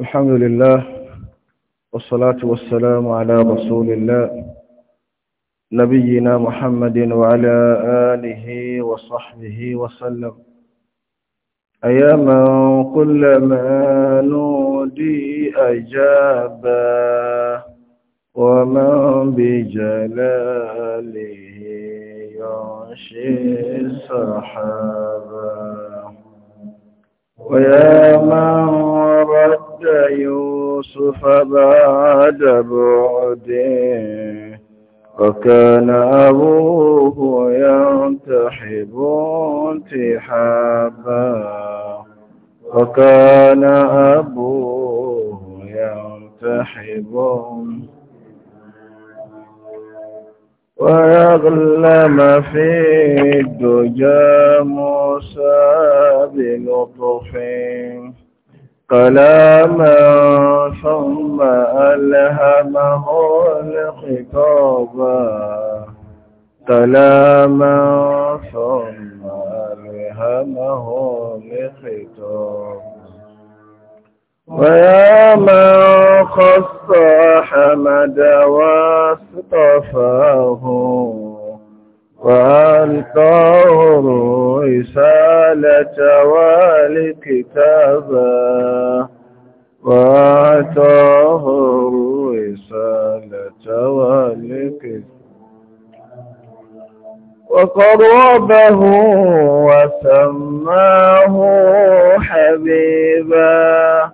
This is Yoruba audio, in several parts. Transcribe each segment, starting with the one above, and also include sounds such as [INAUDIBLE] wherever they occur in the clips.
الحمد لله والصلاة والسلام على رسول الله نبينا محمد وعلى آله وصحبه وسلم أياما كلما نودي أجابا ومن بجلاله يعشي السحابا ويا من ورد يوسف بعد بعده وكان أبوه ينتحب انتحابا وكان أبوه ينتحب ويظلم في الدجى موسى بلطف كلاما ثم ألهمه الخطاب كلاما ثم ألهمه الخطابا ويا من خص أحمد واصطفاه وألقاه الرسالة والكتابا وأعطاه الرسالة والكتابا وقربه وسماه حبيبا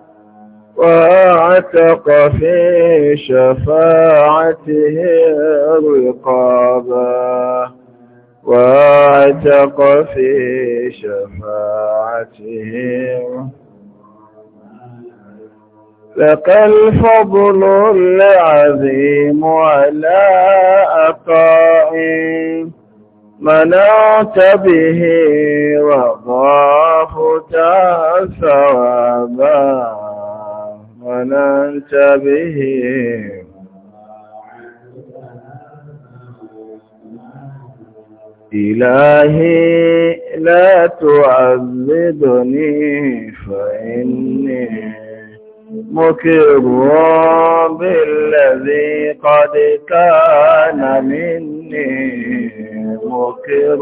واعتق في شفاعته رقابا واعتق في شفاعتهم لك الفضل العظيم على أقائم منعت به وضافت ثوابا منعت به إلهي لا تعذبني فإني مكر بالذي قد كان مني مكر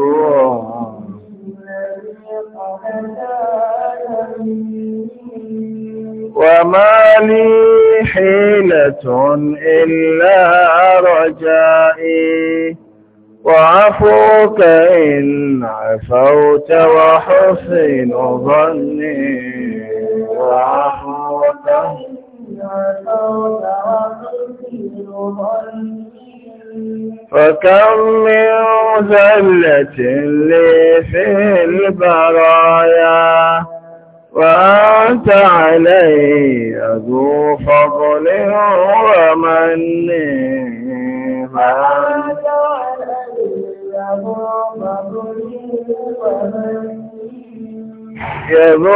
وما لي حيلة إلا رجائي وعفوك إن عفوت وحسن ظني وعفوك إن عفوت وحسن ظني فكم من زلة لي في البرايا وأنت علي ذو فضل ومن وأنت علي يظن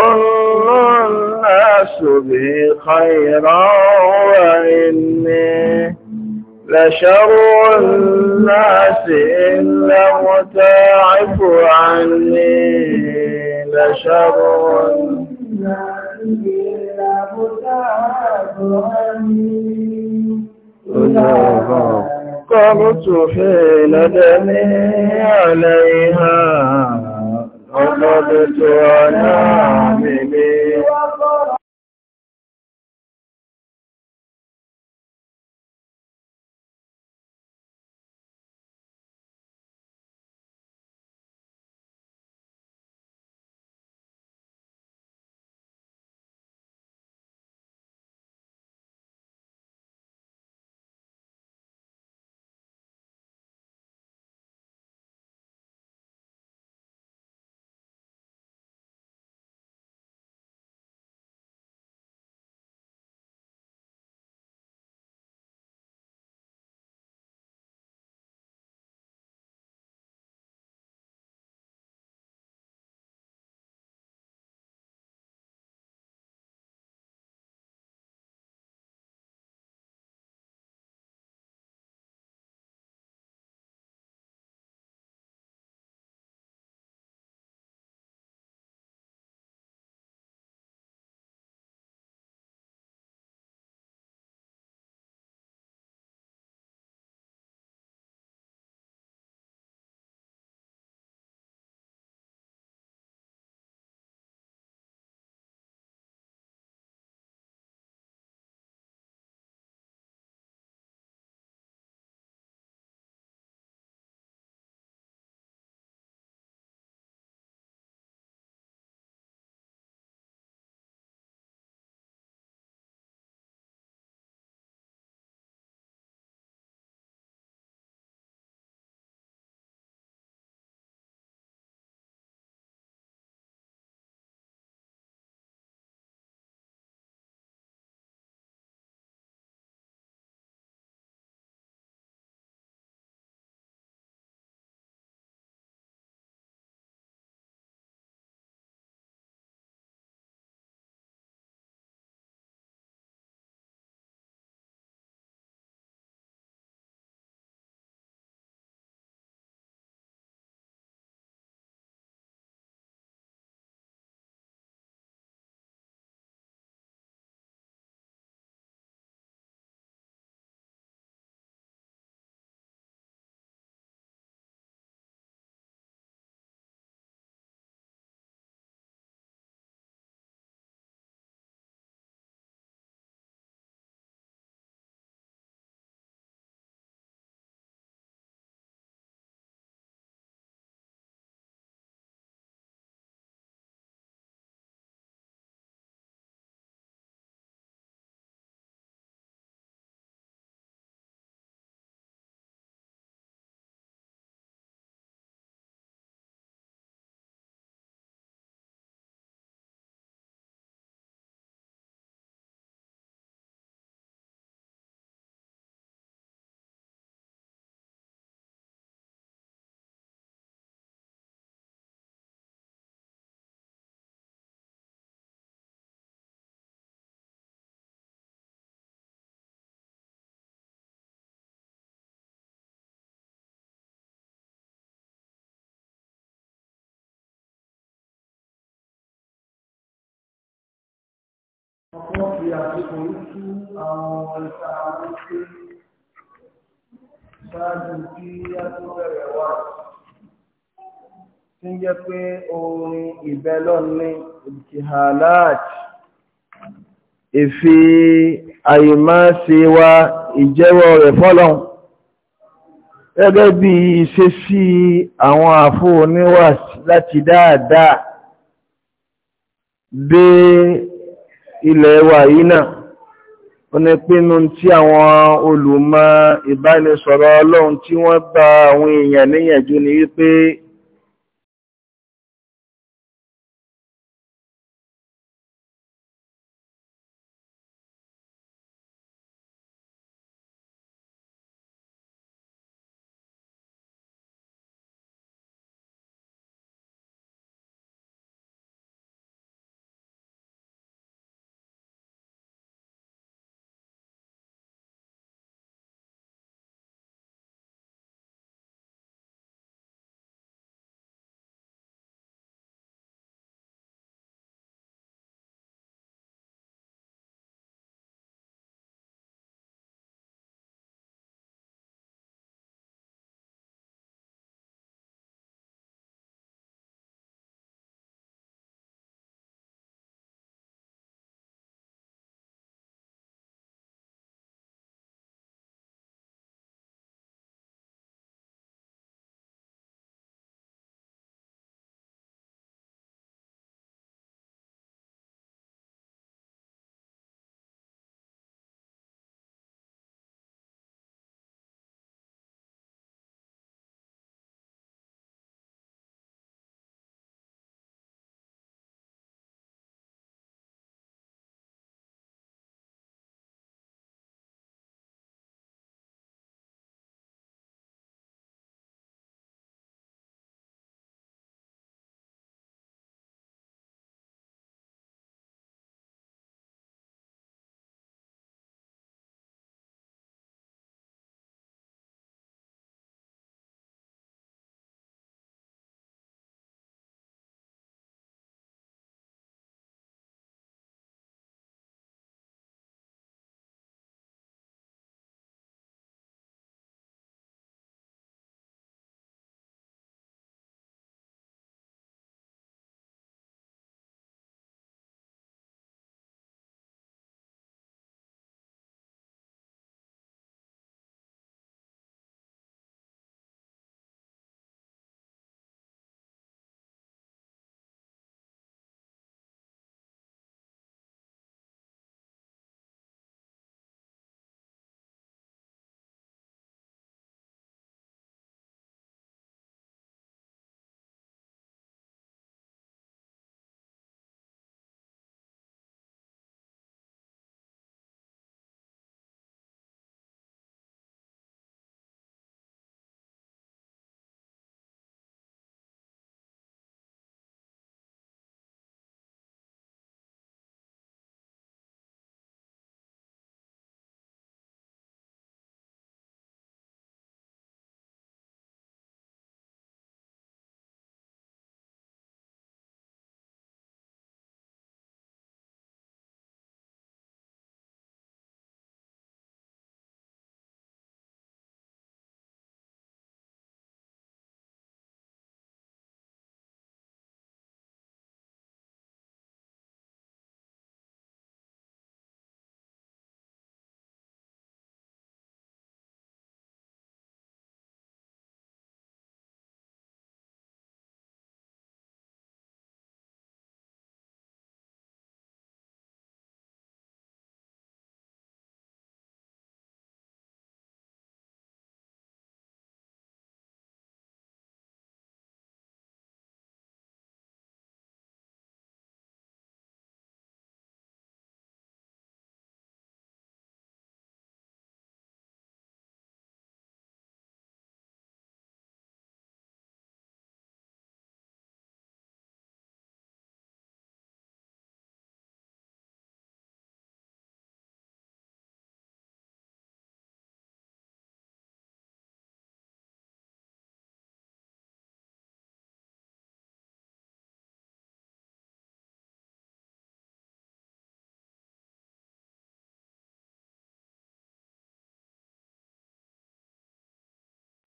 الناس بي خيرا وإني لشر الناس إن لم تعف عني لشر الناس إن لم تعف عني فصبت في ندمي عليها غضبت على عممي ọkọ̀ fi àsìkò ìtú àwọn ìta àwọn ṣe ṣáájú kí a tó bẹ̀rẹ̀ wá tí ń jẹ́ pé orin ìbẹ́lọ́ni ìtìhàláàtì ìfi àyèmáṣe wa ìjẹ́wọ́ rẹ̀ fọ́lọ́n gẹ́gẹ́ bí ìṣesí àwọn àfò oníwà láti dáadáa dé ilẹ̀ wa yìí náà ó ní pínu tí àwọn olùmọ̀ ìbánisọ̀rọ̀ ọlọ́run tí wọ́n gba àwọn èèyàn níyànjú ni wípé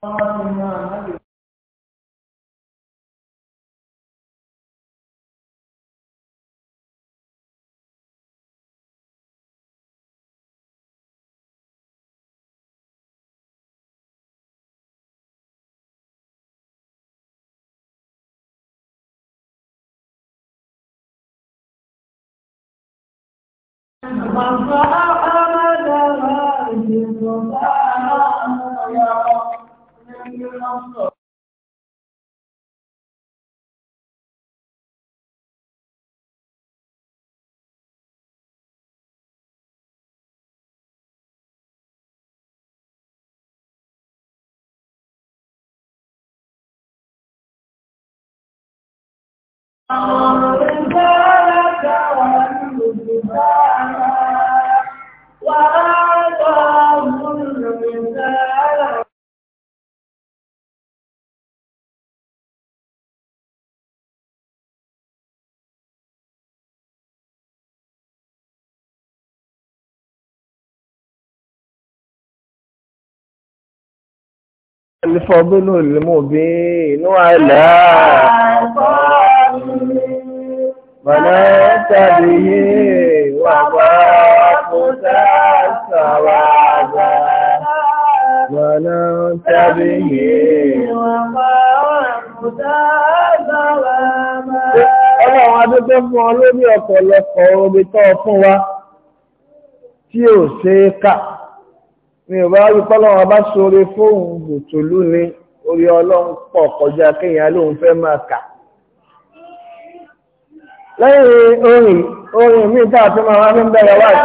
you. comes up. Oh, الفضل المبين على بنات به وضاقت السوادا بنات به Ọlọ́run adúgbẹ́ fún ọ lórí ọ̀pọ̀lọpọ̀ omi tọ́ fún wa tí ò ṣe é kà mi ò bá rí pọ́lọ́wọ́n bá ṣoore fóun bùtòlú ni orí ọlọ́run pọ̀ kọjá kéèyàn lóun fẹ́ máa kà. lẹ́yìn orin orin mi táà tó máa wá ní bẹ̀rẹ̀ wáyé.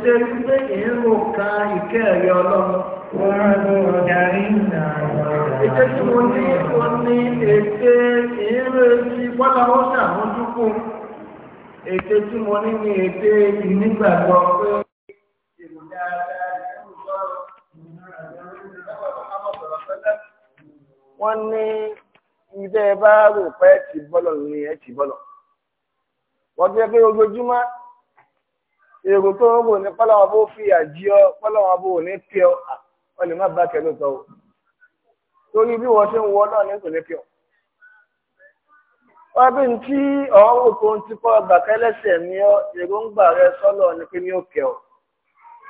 ṣe rí pé ìrún ka ìkẹ́ ẹ̀rí ọlọ́run. Ìṣe tí mo ní o ní ète ìrún etí bọ́lá ó ṣàmójúkú. Ète tí mo ní ní ète ìnígbàgbọ́ pé èrò dáadáa ìlú sọ̀rọ̀. Wọ́n ní ilé bá rò pé ẹ̀ ti bọ́lọ̀ ní ẹ̀ ti bọ́lọ̀. Wọ́n jẹ́ pé ojoojúmọ́ èrò tó ń rò ní pọ́lọ́wọ́ bó fi àjí ọ pọ́lọ́wọ́ bó ní pí ọ ọ lè má bá kẹ lóòótọ́ o torí bí wọ́n ṣe ń wọ náà ní kò ní pí ọ. wọ́n bí tí ọ̀rọ̀ rò tó ń ti pọ́ gbàkẹ́lẹ́sẹ̀ ní ọ èròǹgbà rẹ sọ́lọ̀ ni pé ní ó kẹ ọ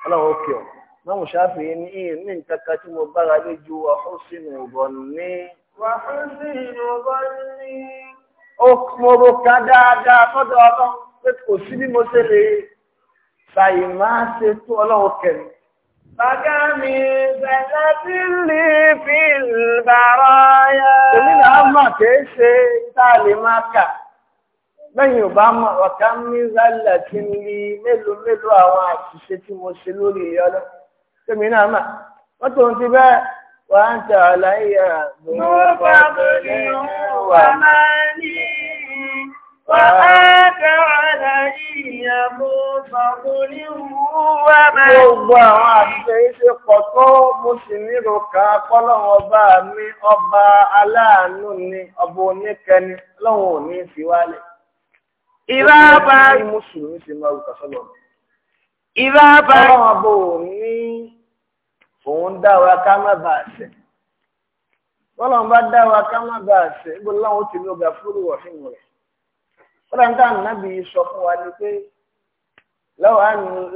ọlọ́run ó kẹ ọ mọ́mù ní ìyìn ní nǹkan tí mo bára lé ju ọ̀hún sínú ìbọnú ní. wàhún sínú ìbọnú ní. mo ro ká dáadáa ṣàyè máa ṣe tó ọlọ́run kẹrin. Bàgá mi bẹ̀rẹ̀ sí lè fi bàrọ̀ yẹ. Èmi náà mà kìí ṣe tá a lè máa kà. Lẹ́yìn ọba mọ̀ ọ̀ká mi rálẹ̀ tí ń li mélòó mélòó àwọn àṣìṣe tí mo ṣe lórí ìyọ́lọ́. Tèmi náà mà, wọ́n tó ń ti bẹ́ẹ̀ wà ń tẹ̀ ọ̀láyà. Mo bá bọ̀ nínú wà máa ní. Wàhádà àlàyé Musa ní wúwà mẹ́. Gbogbo àwọn àṣìṣe ìṣe pọ̀ tó mo sì nírò ká kọ́lọ́wọ́ bá mi ọba aláàánú ni ọba oníkẹni lọ́wọ́ ò ní fi wálẹ̀. Ìrá bá ní Mùsùlùmí ti máa wùkà sọ́lọ̀. Ìrá bá ní ọba ò òun dá ká má bàa ṣẹ̀. Bọ́lá bá dá ká má bàa ṣẹ̀, ibo láwọn ó ti lọ gà fúrú wọ̀ rẹ̀ kọ́láńtà nàbì sọ fún wa ni pé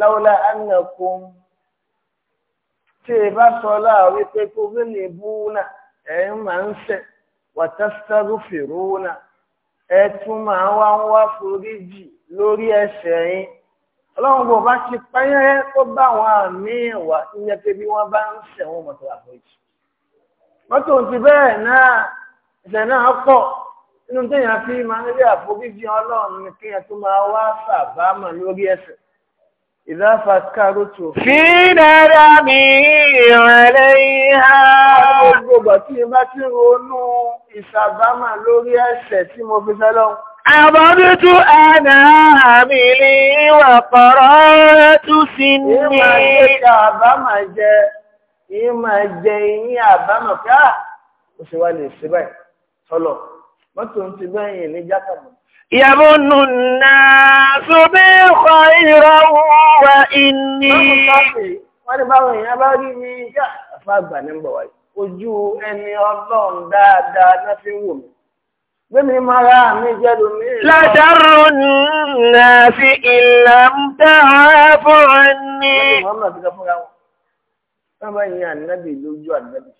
láwọlá ànàkùn tí ẹ bá sọ láàwí pé kó bí lè bú náà ẹ máa ń ṣẹ̀ wàtásítárù fèrò náà ẹ tún máa wá ń wá foríjì lórí ẹ̀ṣẹ̀ yín ọlọ́run bò bá ti pẹ́yẹ́ tó bá àwọn àmì ẹ̀wà ìyẹn pé bí wọ́n bá ń ṣẹ̀wọ̀n mọ̀tò àforíjì mọ́tò ti bẹ́ẹ̀ náà ìṣẹ̀ náà pọ̀ inú téèyàn fi máa ń rí àforíjì ọlọ́run ni kéèyàn tó máa wá sàbámọ̀ lórí ẹ̀ṣẹ̀ ìdáfà kárótù. fi dára mi ìrànlẹ́ ìhà. gbogbo ìgbà tí mo bá ti ronú ìsàbámọ̀ lórí ẹ̀ṣẹ̀ tí mo fi fẹ́ lọ́hùn. Àbọ̀dútú àdá àmìlì ìwà pọ̀rọ̀ tú sí ní. Ìmọ̀ àjẹ́ta àbámà jẹ, ìmọ̀ àjẹ́ ìyìn àbámà pé á, ó sì wá lè ṣe báyìí, sọ́lọ̀ mọ́tò ń ti bẹ́yìn ní jákàmù. Yàmúnù náà tó bí kọ ìrọ̀ wà ìní. Wọ́n ní báwọn èèyàn bá rí mi Gbémi mara mi jẹ́ lómi. Látàrú náà fi ìlà ń tẹ́ fún ẹni. Wọ́n ní Mọ́mọ́ ti kọ fúnra wọn. Wọ́n bá yin ànábì lójú ànábì.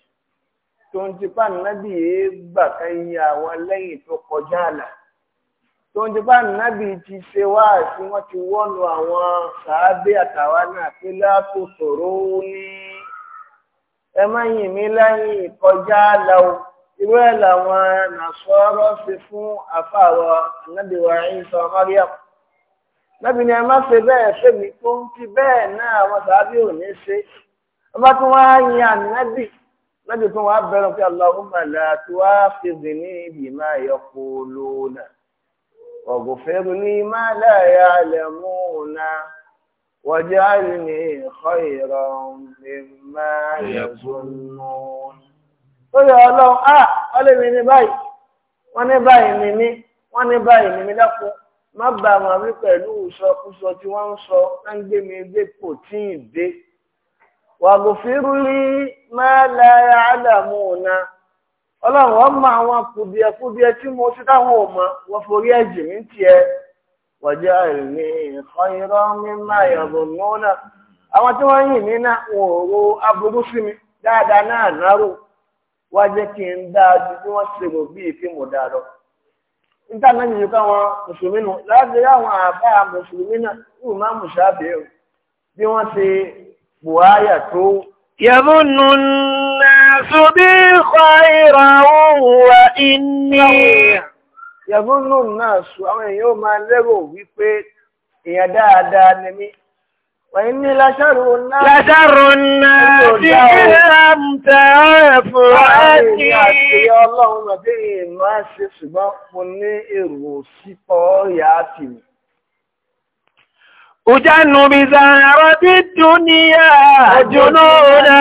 tó ń tipa nábì èégbà kan yí àwọn lẹ́yìn tó kọjá àlà tó ń nábì ti ṣe wá sí wọ́n ti wọ́nu àwọn sàábé àtàwa náà pé láàtò sọ̀rọ̀ ó ní ẹ má yìn mí lẹ́yìn kọjá àlà o làwọn nàṣọ́rọ́ ṣe fún àfàwọ̀ ni ẹ má ṣe bẹ́ẹ̀ fẹ́mi tó ń ti bẹ́ẹ̀ náà àwọn sàábé ò ní lọ́jọ́ tó wàá bẹ̀rẹ̀ pé Allahumma la tu'akhidhni bima yaquluna waghfir li ma la ya'lamuna waj'alni khayran mimma yazunnun. lórí ọlọ́run a ah, ọlẹ́mi ní báyìí wọ́n ní báyìí ní mí wọ́n ní báyìí ní mí dákun má bàa mọ̀ mí pẹ̀lú ìsọkúsọ tí wọ́n ń sọ ń dépò tí ì dé. wàgùfìrú lí mẹ́lẹ̀ àdàmú ọ̀nà ọlọ́run wọ́n mọ àwọn kùdìẹ̀kùdìẹ̀ kubie mo ti táwọn ò wọ́n forí ẹ̀jì ní tiẹ̀ wọ́jọ́ ìní nǹkan irọ́ mímọ́ ìyàbọ̀ mọ́nà àwọn tí wọ́n yìn nínà wọn aburú sí mi dáadáa náà náró n daa ju bí wọ́n ṣe rò bí ìfín mọ̀ dáa lọ. buhaya tó yẹmúnú nàásù bí kọ́ìrà wà ní yẹmúnú nàásù àwọn èèyàn máa lérò wípé èèyàn dáadáa ni mí وإني لشر الناس لشر الناس لم تعرف عني Ọlọ́run ọdún máa ṣe ṣùgbọ́n mo ní èrò sípọ̀ yàá Ujanu bi zara ti dúníyà jóná ọ̀dá.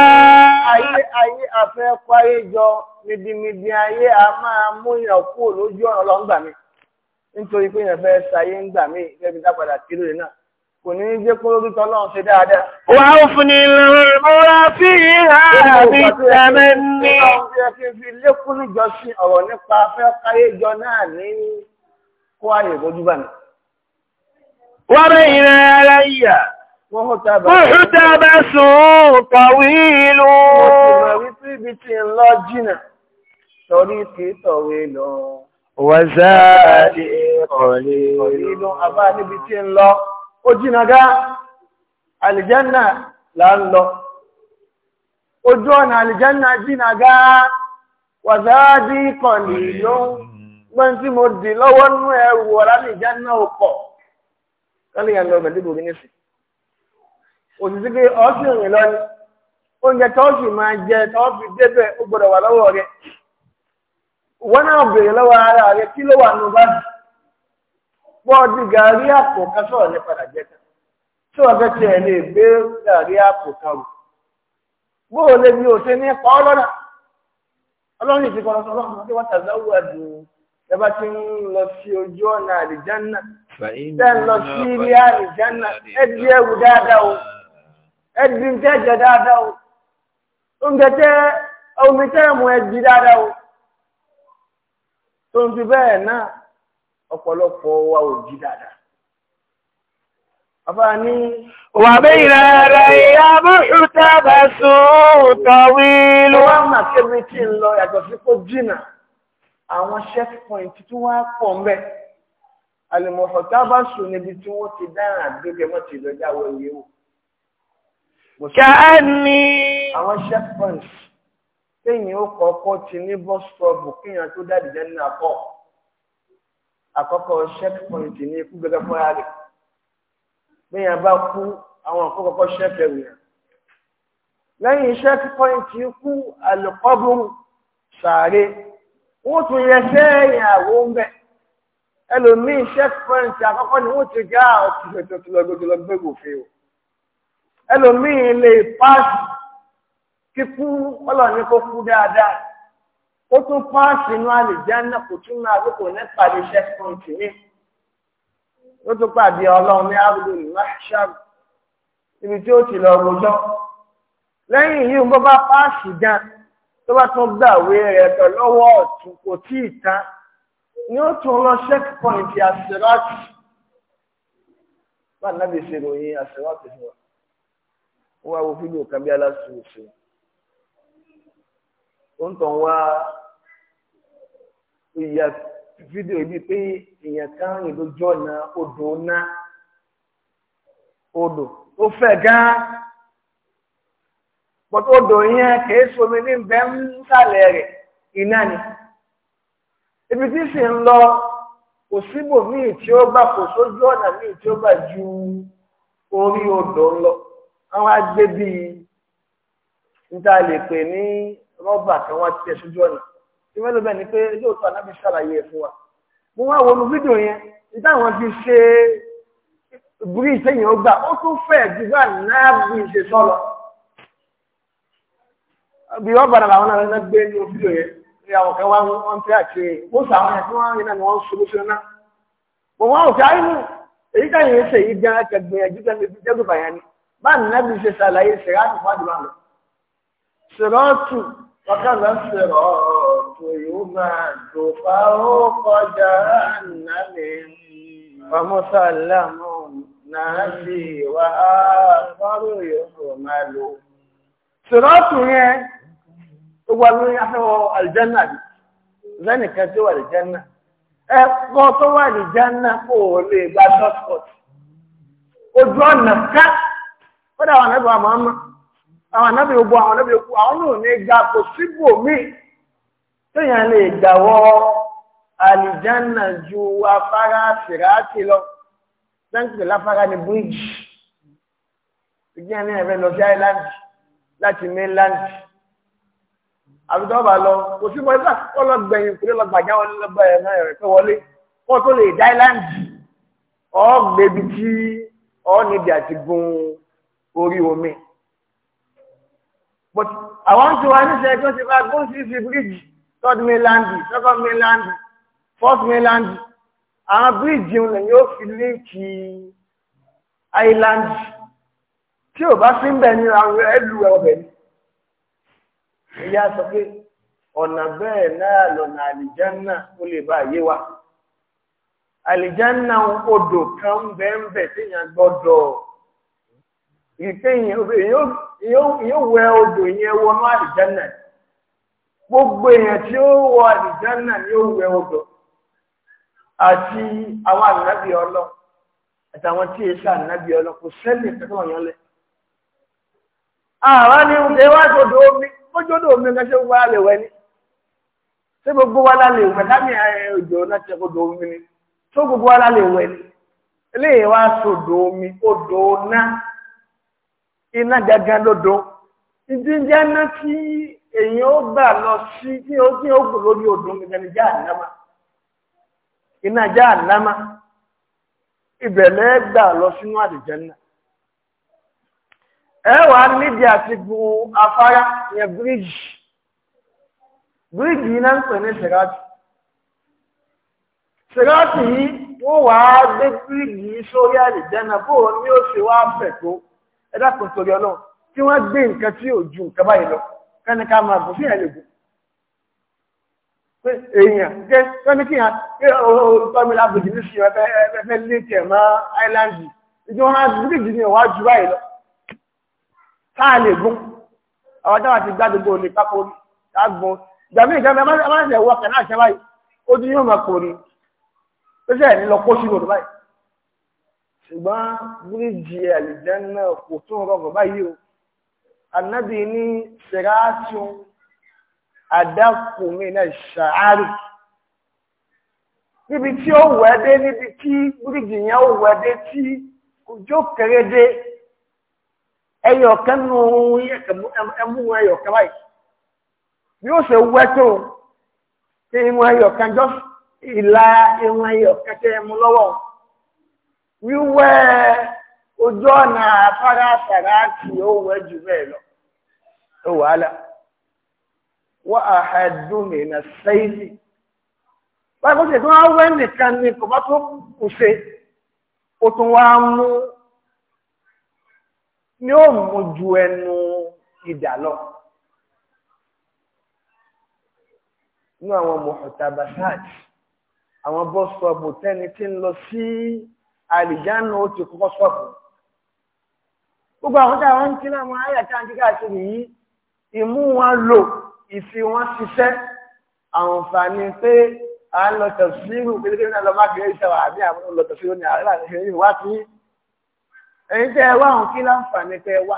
Ayé ayé afẹ́ páyé jọ nídìmídì ayé a máa múyàn kú lójú ọ̀nà lọ ń gbà mí. Nítorí pé èèyàn fẹ́ ṣayé ń gbà mí gẹ́gẹ́ dápadà kí lóde náà. Kò ní jẹ́ kó lórí tọ́lọ́run ṣe dáadáa. Wà ó fún ni lọ́rọ̀ fi hà mí tẹ́mẹ́ ní. Ìjọba fi fi lékún níjọsìn ọ̀rọ̀ nípa afẹ́ páyé jọ náà ní kó وبين علي محتبس طويل Wàzáàdì ọ̀lẹ́lú àbá níbi tí ń lọ, ó jìnà gá, àlìjánà là Ojú ọ̀nà àlìjánà jìnà gá, wàzáàdì kọ̀lì ló, gbọ́n tí mo dì lọ́wọ́ nú ẹrù ọ̀rá àlìjánà ọkọ̀. lọ́nà yẹn lọ mẹ̀lẹ́bù mi nísì òṣìṣẹ́ pé ọ̀sìn òyìn lọ́ni oúnjẹ tọ́ọ̀sì máa jẹ tọ́ọ̀sì débẹ̀ ó gbọ́dọ̀ wà lọ́wọ́ rẹ wọn náà lọ́wọ́ ara rẹ kí ló wà nù báyìí bọ́ọ̀dì gàrí àpò kan sọ̀rọ̀ ní padà jẹ kan tí wọ́n fẹ́ tiẹ̀ lè gbé àpò kan bóò lè ṣe ní ọlọ́run ìfikọ́ ọlọ́run wọ́n ẹ̀dùn ẹ bá ti tẹ́ ń lọ sí ilé àrìjánà ẹ̀dí ẹ̀wù dáadáa o ẹ̀dí jẹ́jẹ́ dáadáa o oúnjẹ tẹ́ omi tẹ́ mu ẹ̀dí dáadáa o tó ń fi bẹ́ẹ̀ náà ọ̀pọ̀lọpọ̀ wa ò jí dáadáa. Bàbá ní. Wà bẹ́yìnrà rẹ̀ ìyá bóṣù tábà sùn tàwí ló. Wọ́n mà kébi tí ń lọ yàtọ̀ sí kó jìnnà àwọn checkpoint tí wọ́n á pọ̀ ń alimọ̀tàbàṣù níbi tí wọ́n ti dára àgbẹ̀gẹ̀ mọ́ ti lọ́jà wọ iye o. káàní. àwọn checkpoints téèyàn ó kọ́kọ́ ti ní bus stop kéèyàn tó dáàbì jẹ́ nínú àpọ̀ àkọ́kọ́ checkpoint ní ikú gẹ́gẹ́ fúnra rẹ̀ béèyàn bá kú àwọn àkọ́kọ́ checkpoint yẹn lẹ́yìn checkpoint ikú àlùkọ́bùrù sàárè wọ́n tún yẹ sẹ́yìn àwọn ń ẹlòmíì ṣẹ́fẹ̀ǹsì àkọ́kọ́ ni wọ́n ti gá ọ̀tún kìlọ̀gbẹ̀gbẹ̀ òfin o ẹlòmíì lè páàsì kíkú ọlọ́ọ̀ni kó kú dáadáa ó tún páàsì inú àlìjáná kò tún máa lóko nípa ní ṣẹ́fẹ̀ǹsì ní ó tún pàdé ọlọ́run ní àbúrò ìmáṣáàbù ibi tí ó ti lọ rojọ́ lẹ́yìn yìí ń bọ́ bá páàsì gan tó bá tún gbàwé rẹ̀ tọ̀ lọ́wọ́ ọ̀tún kò tíì tán ni ó tún lọ checkpoint àṣíráàtì bá nàbì ṣe ròyìn àṣíráàtì fún wa ó wá wo fídíò kan bí aláṣùwòsì ó ń tàn wá ìyá fídíò yìí pé èèyàn kan rìn lójú ọ̀nà odò ná odò ó fẹ̀ gan-an pọ̀tò odò yẹn kìí ṣomi ní bẹ́ẹ̀ ń sàlẹ̀ rẹ̀ iná ni. ibi tí sì ń lọ kò síbò míì tí ó bá kò sójú ọ̀nà míì tí ó bá ju orí odò ń lọ àwọn agbé níta lè pè ní rọ́bà kí wọ́n ti tẹ̀ sójú ọ̀nà tí wọ́n lọ bẹ́ẹ̀ ni pé yóò tó anábì ṣàlàyé ẹ̀ fún wa mo wá wọnú fídíò yẹn níta ti ṣe ọgbà ìyàwó kan wá wọn pé àti wọn sọ àwọn ẹ̀sìn wọn yẹn náà ni wọ́n ṣubú sí náà wọn wọn ò fi àyínú èyí táyà ń ṣe yìí gan akẹgbẹ́ ẹjú kẹgbẹ́ ti dẹ́gbẹ́ bàyà ni báà nínú ẹbí ṣe ṣàlàyé ṣẹ̀rá ti fún àdúrà lọ. ṣèrọ́ọ̀tù ọ̀kadà ṣèrọ́ọ̀tù yóò máa dòfà ó kọjá nàlẹ́ ó wà ní afẹ́wọ́ àlìjánà bí lẹ́nìkan tí ó wà àlìjánà ẹ̀kọ́ tó wà àlìjánà kò lè gba dọ́tpọ̀t ojú ọ̀nà ká kódà àwọn anábì wa máa ń mọ àwọn anábì ogun àwọn anábì ogun àwọn náà ní gba kò síbò míì téèyàn lè gbà wọ àlìjánà ju afárá fìràtì lọ sẹ́ńtì láfárá ní bíríjì ìgbìyànjú ẹ̀fẹ́ lọ sí áìláńdì láti mainland àbíjọ́ bá lọ kò sí wọlé láti kọ́ lọ gbẹ̀yìn kúlé lọ gbàjá wọlé lọ gbẹ̀yìn náà rẹ̀ pé wọlé kọ́ tó lè dá ìlànjì ọ́ tí ọ́ àti gun orí omi. but àwọn tí wọ́n níṣẹ́ tó ti bá gún sí sí bíríìjì third mainland second mainland fourth mainland àwọn bíríìjì ń lè yóò fi líǹkì island tí ò bá sí ń bẹ̀ ní àwọn ẹlú ẹ̀ ọbẹ̀ ni. ìyá sọ pé ọ̀nà bẹ́ẹ̀ náà lọ́nà àlìjánà ó lè bá yé wa àlìjánà odò kan ń bẹ gbọ́dọ̀ ìyó ó wọ wẹ odò àti àwọn ànábì ọlọ àtàwọn tí èsà ànábì ọlọ kò sẹ́lẹ̀ tẹ́lẹ̀ ọ̀yọ́lẹ̀ ààrá ni ìwádòdó omi kójọ́dọ̀ omi kan ṣé gbogbo wa lè ni ṣé gbogbo wa la lè lámì náà ṣe kó omi ni gbogbo wa la lè ni eléyìí wá omi odò náà iná gangan ìdíjẹ́ kí èèyàn ó lọ sí kí ó ẹ wà níbi àti gun afárá yẹn bíríìjì bíríìjì yìí náà ń pè ní sèrátì sèrátì yìí wọ́n wà á gbé bíríìjì yìí sórí àlìjẹ́nà bó o ní ó ṣe wá fẹ̀ tó ẹ dákun torí ọlọ́run tí wọ́n gbé nǹkan tí ò ju nǹkan báyìí lọ kẹ́ni ká máa gùn sí ẹ̀ lè gùn èèyàn jẹ́ kẹ́ni kí yàn pé ọ̀tọ́ mi lábòjì ní sí ẹ̀fẹ́ lé mọ́ áìláńdì ìjọba bíríìjì ni ọ̀wá ju báyìí lọ káà lè gún àwọn dáwà ti gbá gbogbo olè pápó lágbọn ìgbàmí ìjọba amáṣẹ wọ kẹ náà ṣe báyìí ó ti yóò máa kòrí tó ṣe ní lọ kó sínú ọdún báyìí ṣùgbọ́n bíríìjì àlìjẹ́ náà kò tún rọrùn báyìí o ànábì ní ṣẹ̀ráṣùn àdákùnrin náà ṣàárì níbi tí ó wẹ̀ dé níbi tí bíríìjì yẹn ó wẹ̀ dé tí kò jó dé ẹyọ kan nù ẹmú ẹyọ kan báyìí bí ó ṣe wẹ́ tó ṣe ìwọ̀n ẹyọ kan jọ ìlà ìwọ̀n ẹyọ kan ṣe ẹmú lọ́wọ́ wíwẹ́ ojú ọ̀nà afárá sàráàtì ó wẹ́ jù bẹ́ẹ̀ lọ ó wàhálà wọ́n àhẹ́dùnmí na sẹ́yìnì báyìí bó ṣe tó wá wẹ́ nìkan ni kò bá tó kù ṣe ó tún wá mú ni ó mú ju ẹnu ìdà lọ. Inú àwọn mọ̀tàbàtàj, àwọn bọ́sọ̀bù tẹ́ni tí ń lọ sí àlìjánu ó ti kọ́kọ́ sọ̀bù. Gbogbo àwọn tí àwọn ń kí láwọn ayàtà àti káàkiri yìí, ìmú wọn lò, ìfi wọn ṣiṣẹ́, àǹfààní pé à ń lọ tẹ̀síwù, kékeré náà ní ẹ̀yin tẹ́ ẹ wá òun kí láǹfààní tẹ́ ẹ wá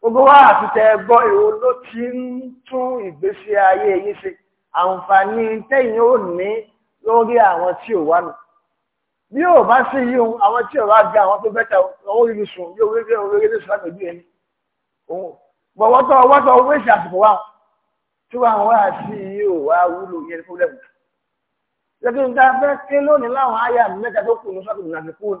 gbogbo wa àti tẹ́ ẹ gbọ́ èwo ló ti ń tún ìgbésí ayé yín ṣe àǹfààní tẹ́yìn ò ní lórí àwọn tí ò wá nù bí ò bá sí yí ohun àwọn tí ò bá ga àwọn tó bẹ́tà owó yìí sùn yóò wéré wéré lè sọ àgbègbè ẹni òun gbọ̀wọ́ tó ọwọ́ tó owó èsì àsìkò wa tí wọn wá sí yí ò wá wúlò yẹn fúnlẹ̀ mọ́ lẹ́gbẹ̀ẹ́ nígbà fẹ́ ké lónìí láwọn àyà mẹ́ta tó kù ní sọ́kùnrin àti kúrò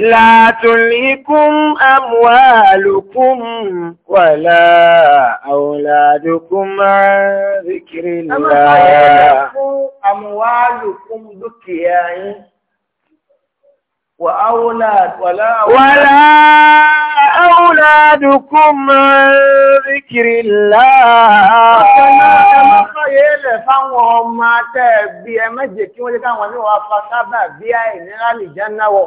لا تلهكم أموالكم ولا أولادكم عن ذكر الله أموالكم ذكيائي وأولاد ولا أولاد ولا أولادكم عن ذكر الله yẹ́lẹ̀ fáwọn ọmọ atẹ́ bí ẹ mẹ́jẹ̀ kí wọ́n jẹ́ káwọn ní wọ́n fa sábà bí àìníra lè já náwọ̀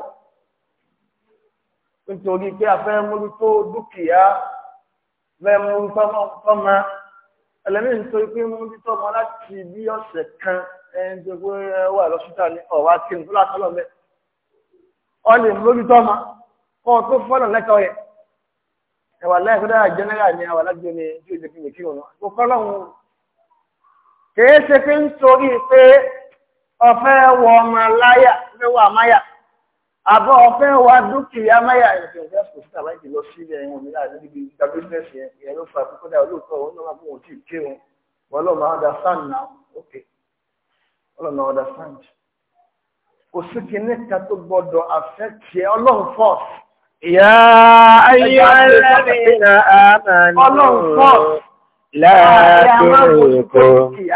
nítorí pé a fẹ́ múlú tó dúkìá fẹ́ múlú ọlẹ̀ lójútọ́ ma kọ́ tó fọ́lọ̀ lẹ́tọ̀ yẹ ẹwà láìkúdá jẹ́nẹ́rà ni àwà lájú ni tí ó jẹ́kí ìkí òun kò fọ́lọ̀ wọn kìí ṣe fi ń torí pé ọ̀fẹ́ wọ ọmọ láyà fẹ́ wà máyà àbọ̀ ọ̀fẹ́ wà dúkìá máyà ìrìnkè ọ̀fẹ́ kò sí tàbí ìlọ sí ilẹ̀ ẹ̀yìn òmìnira àti níbi ìgbà bísíǹsì yẹn ló fà kókó dá olóòótọ́ òun náà fún òun tí ì kírun wọ́n lọ́ọ́ máa understand now okay wọ́n lọ́ọ́ máa understand kò sí kìíní kan tó gbọdọ̀ àfẹ́kì ọlọ́run fọ́ọ̀s. Ìyá ayé ọlọ́run àmàlù. Ọlọ́run fọ́ọ̀s. Láàárín kò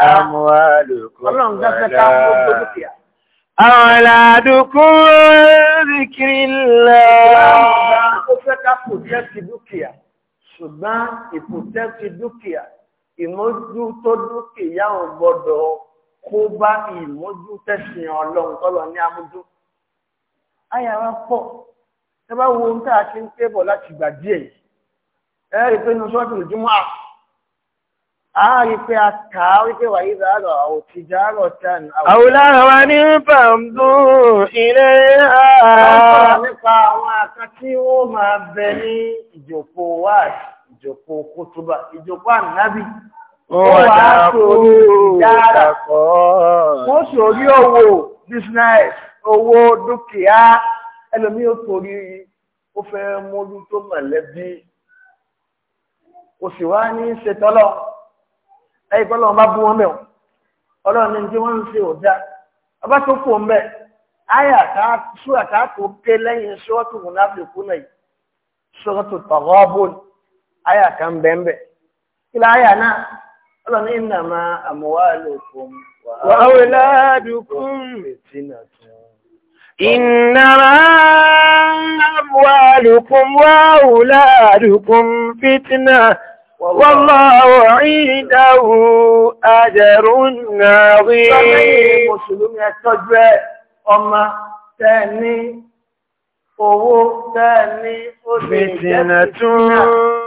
amúhálùkù. Ọlọ́run gẹ́gẹ́ ká mú gbódúkìá. Àwọn àlàdùkú zikiri lọ. Ó fẹ́ ká pòtẹ́tì dúkìá. Ṣùgbọ́n ìpòtẹ́tì dúkìá, ìmójútó dúkìá ò gbọdọ̀ kó bá ìmójú tẹ̀sìn ọlọ́run tọ́lọ ní amójú. Ayà wọn pọ̀, ẹ bá wo ohun tá a ṣe ń pé bọ̀ láti gbà díẹ̀ yìí. Ẹ rí pé inú ṣọ́ọ̀tì lójúmọ́ à. A rí pé a kà á rí pé wàyí dàárọ̀ àwòtí dàárọ̀ tán. Àwòlára wa ní Bàmdù ilé ha. nípa àwọn àkan tí wọ́n máa bẹ ní ìjòkó wáàsì, ìjòkó kútúbà, ìjòkó ànábì wà sórí ìdára wọ́n sórí owó business owó dúkìá ẹlòmí ó torí ó fẹ́ mójú tó mọ̀lẹ́bí kò sì wá ní ṣetọ́lọ́ ẹ̀yìn pẹ́lú ọba bú wọn bẹ̀rù ọlọ́run ní tí wọ́n ń ṣe ọ̀dá ọba tó kù ọ̀mbẹ́ àyà ṣúra ọlọ́ni iná máa àmúwá lòkùn wà áwòládùkùn fìtínà tún. Ìnàrà àmúwálùkùn wà ìdáwò àjẹ̀rún náà rí. Mùsùlùmí ẹ ẹ ọmọ tẹ́ owó tẹ́ ó lè jẹ́ fìtínà.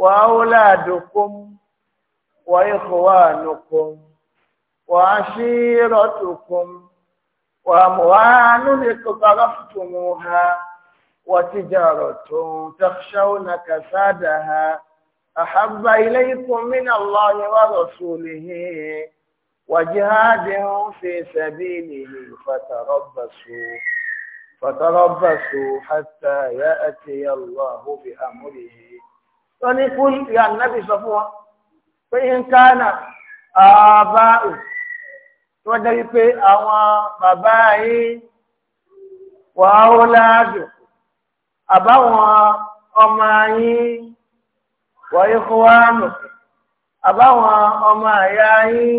وأولادكم وإخوانكم وعشيرتكم وأموال اقترفتموها وتجارة تخشون كسادها أحب إليكم من الله ورسوله وجهاد في سبيله فتربصوا فتربصوا حتى يأتي الله بأمره wọ́n ní ya nábì sọ fún wọn pé ń kánà àbá ò tí jẹ́ wípé àwọn bàbá yìí wà ó láàjò àbáwọn ọmọ yìí wà ikú wá nù àbáwọn ọmọ àyà yìí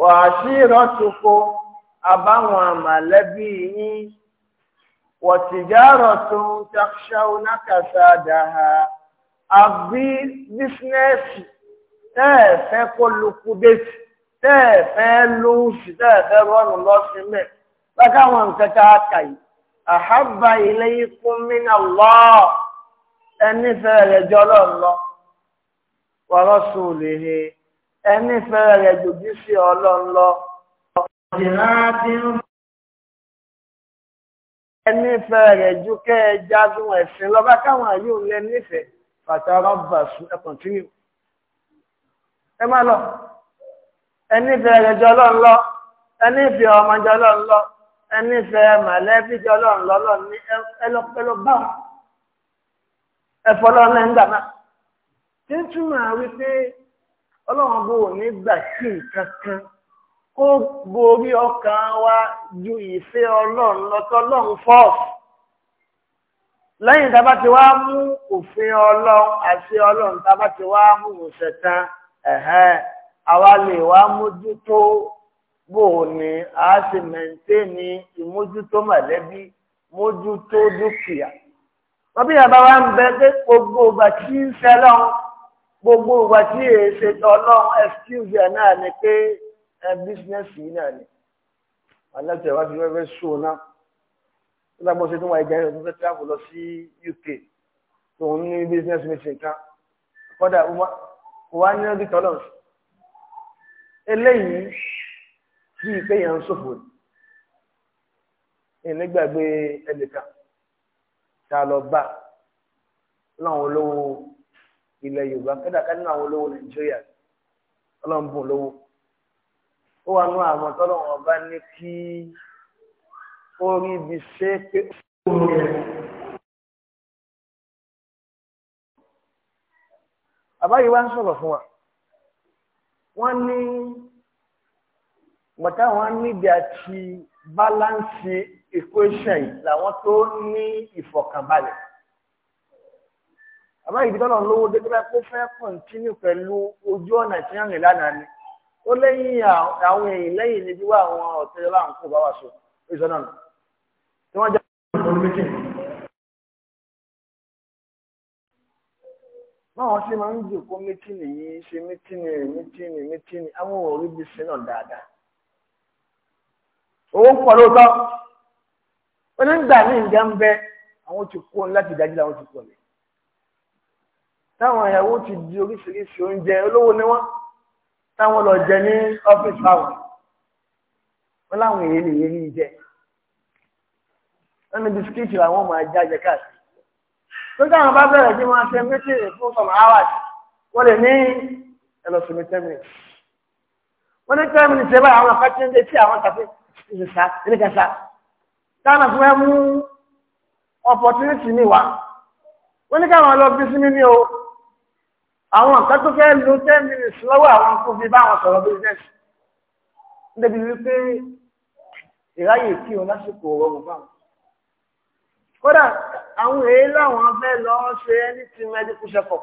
wà ṣírọ́tukú àbáwọn màlẹ́bí yìí wà tó àbí bísínẹ́sì tẹ́ẹ̀fẹ́ kó lukudétì tẹ́ẹ̀fẹ́ lóòsì tẹ́ẹ̀fẹ́ rọrùn lọ́sílẹ̀ lákàwọn nǹkan tá a kà yìí àhábà ilaykum minallah ẹni fẹ́rẹ̀ rẹ̀ jọ lọ́lọ́ wa rasulihi ẹni fẹ́rẹ̀ rẹ̀ jòjú sí ọlọ́lọ́ ẹni fẹ́rẹ̀ rẹ̀ jù kẹ́ ẹ jágún ẹ̀sìn lọ bá káwọn yóò lẹ nífẹ̀ẹ́ fàtà rọ́bà ẹ ẹ má lọ ẹni fẹ́ rẹ̀ jọ lọ́n ẹni fẹ́ ọmọ jọ lọ́n nlọọ ẹni fẹ́ jọ lọ ní ẹlọpẹlọ bá wọn ẹ̀fọ́ náà tí ń túmọ̀ wípé ọlọ́run bò ní wa ju ìfẹ́ lẹ́yìn tábà ti wá mú òfin ọlọ́run àti ọlọ́run tábà ti wá mú òṣẹ̀ tán ẹ̀hẹ́ àwa lè wá mójútó bò ní a ti mẹ̀ǹtẹ́ẹ̀nì ìmójútó mọ̀lẹ́bí mójútó dúkìá wọ́n bí yàrá wa ń bẹ pé gbogbo ìgbà tí ń ṣe lọ́run gbogbo ìgbà tí èyí ṣe ọlọ́run excuse ẹ̀ náà ni pé ẹ bísínẹ́sì náà ni alájọ ìwádìí wẹ́wẹ́ sùn náà lágbọ́n ṣe tó wà ìgbà ìrìn tó fẹ́ travel lọ sí UK tó ń ní business meeting kan kọ́dà wà ní ọdún tọ́lọ́s eléyìí bí ìpè yẹn ń ṣòfò ìnígbàgbé ẹnìkan tá a lọ bá láwọn olówó ilẹ̀ Yorùbá kọ́dà ká nínú àwọn olówó Nàìjíríà ọlọ́run bùn lówó ó wà nú àwọn tọ́lọ́wọ́n ọba ní kí orí ibi ṣe pé ó rẹ̀. àbáyé wá ń sọ̀rọ̀ fún wa wọ́n ní mọ̀tá wọn níbi àti báláǹsì equation yìí làwọn tó ní ìfọ̀kànbalẹ̀ àbáyé ibi tọ́lọ̀ lówó dé pé kó fẹ́ kọ̀ntínú pẹ̀lú ojú ọ̀nà tí wọ́n rìn lánàá ni ó lẹ́yìn àwọn èèyàn lẹ́yìn níbi wá àwọn ọ̀tẹ́lẹ́wà ń kó bá wà so ìṣọ́nà náà tí wọ́n jẹ́ ìṣòro méjì. báwọn ṣe máa ń jòkó mítìnì yìí ṣe mítìnì rẹ̀ mítìnì mítìnì àwọn òórí bí ṣe náà dáadáa. owó ń pọ̀ lóòótọ́ onígbà ní ìjà ń bẹ àwọn ti kú láti dájú làwọn ti pọ̀ lẹ̀. táwọn ìyàwó ti di oríṣiríṣi oúnjẹ olówó ni wọ́n táwọn lọ jẹ ní ọ́fíìsì àwọn wọn láwọn èyí nìyí ní jẹ wọ́n ní bisikíìtì làwọn máa jáde káàkiri tó dáhùn bá bẹ̀rẹ̀ sí máa ṣe mítìrì fún some hours wọ́n lè ní ẹlọ́sùnmí ten minutes wọ́n ní ten minutes ẹ̀bá àwọn afẹ́tí ẹ̀ tí àwọn tàbí ìṣẹ̀ṣà ìníkẹṣà táwọn fún ẹ mú opportunity ní wa wọ́n ní káwọn lọ bí sínú ní o àwọn nǹkan tó fẹ́ lu ten minutes lọ́wọ́ àwọn kó fi bá àwọn sọ̀rọ̀ business níbi wípé ìráyè kí o lásìkò rọrùn báwọn kódà àwọn èyí láwọn fẹ́ lọ ṣe ẹni tí medical check-up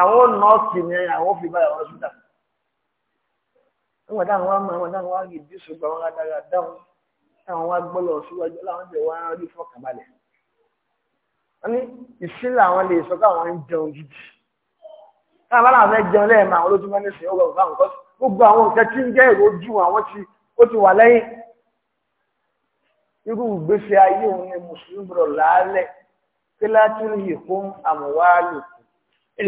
àwọn nọ́ọ̀sì ni àwọn fi báyà wọ́n ṣúdà wọ́n dáhùn wá mọ́ àwọn dáhùn wá gidi ṣùgbọ́n wọn dára dáhùn táwọn wá gbọ́lọ̀ síwájú láwọn tẹ̀ wá rí fọkànbalẹ̀ wọ́n ní ìsín làwọn lè sọ káwọn ń jẹun gidi táwọn bá làwọn fẹ́ jẹun lẹ́ẹ̀mọ àwọn olójúmọ́ ní sìn ó gbọ́ gbogbo àwọn nǹkan tí ń jẹ́ èrò ojú àwọn tí ó ti wà lẹ́yìn irú ìgbésí ayé òun ni mùsùlùmí gbọ́dọ̀ làálẹ̀ kí látún yìí fún àmúwálù.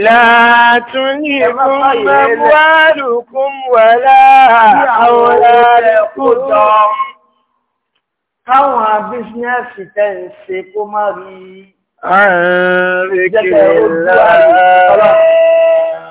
Látún yìí fún àmúwálù kún wàlá àwòrán-ẹ̀kú jọ. Káwọn bísíǹsì tẹ́ ń ṣe kó má rí. Ààrẹ kìí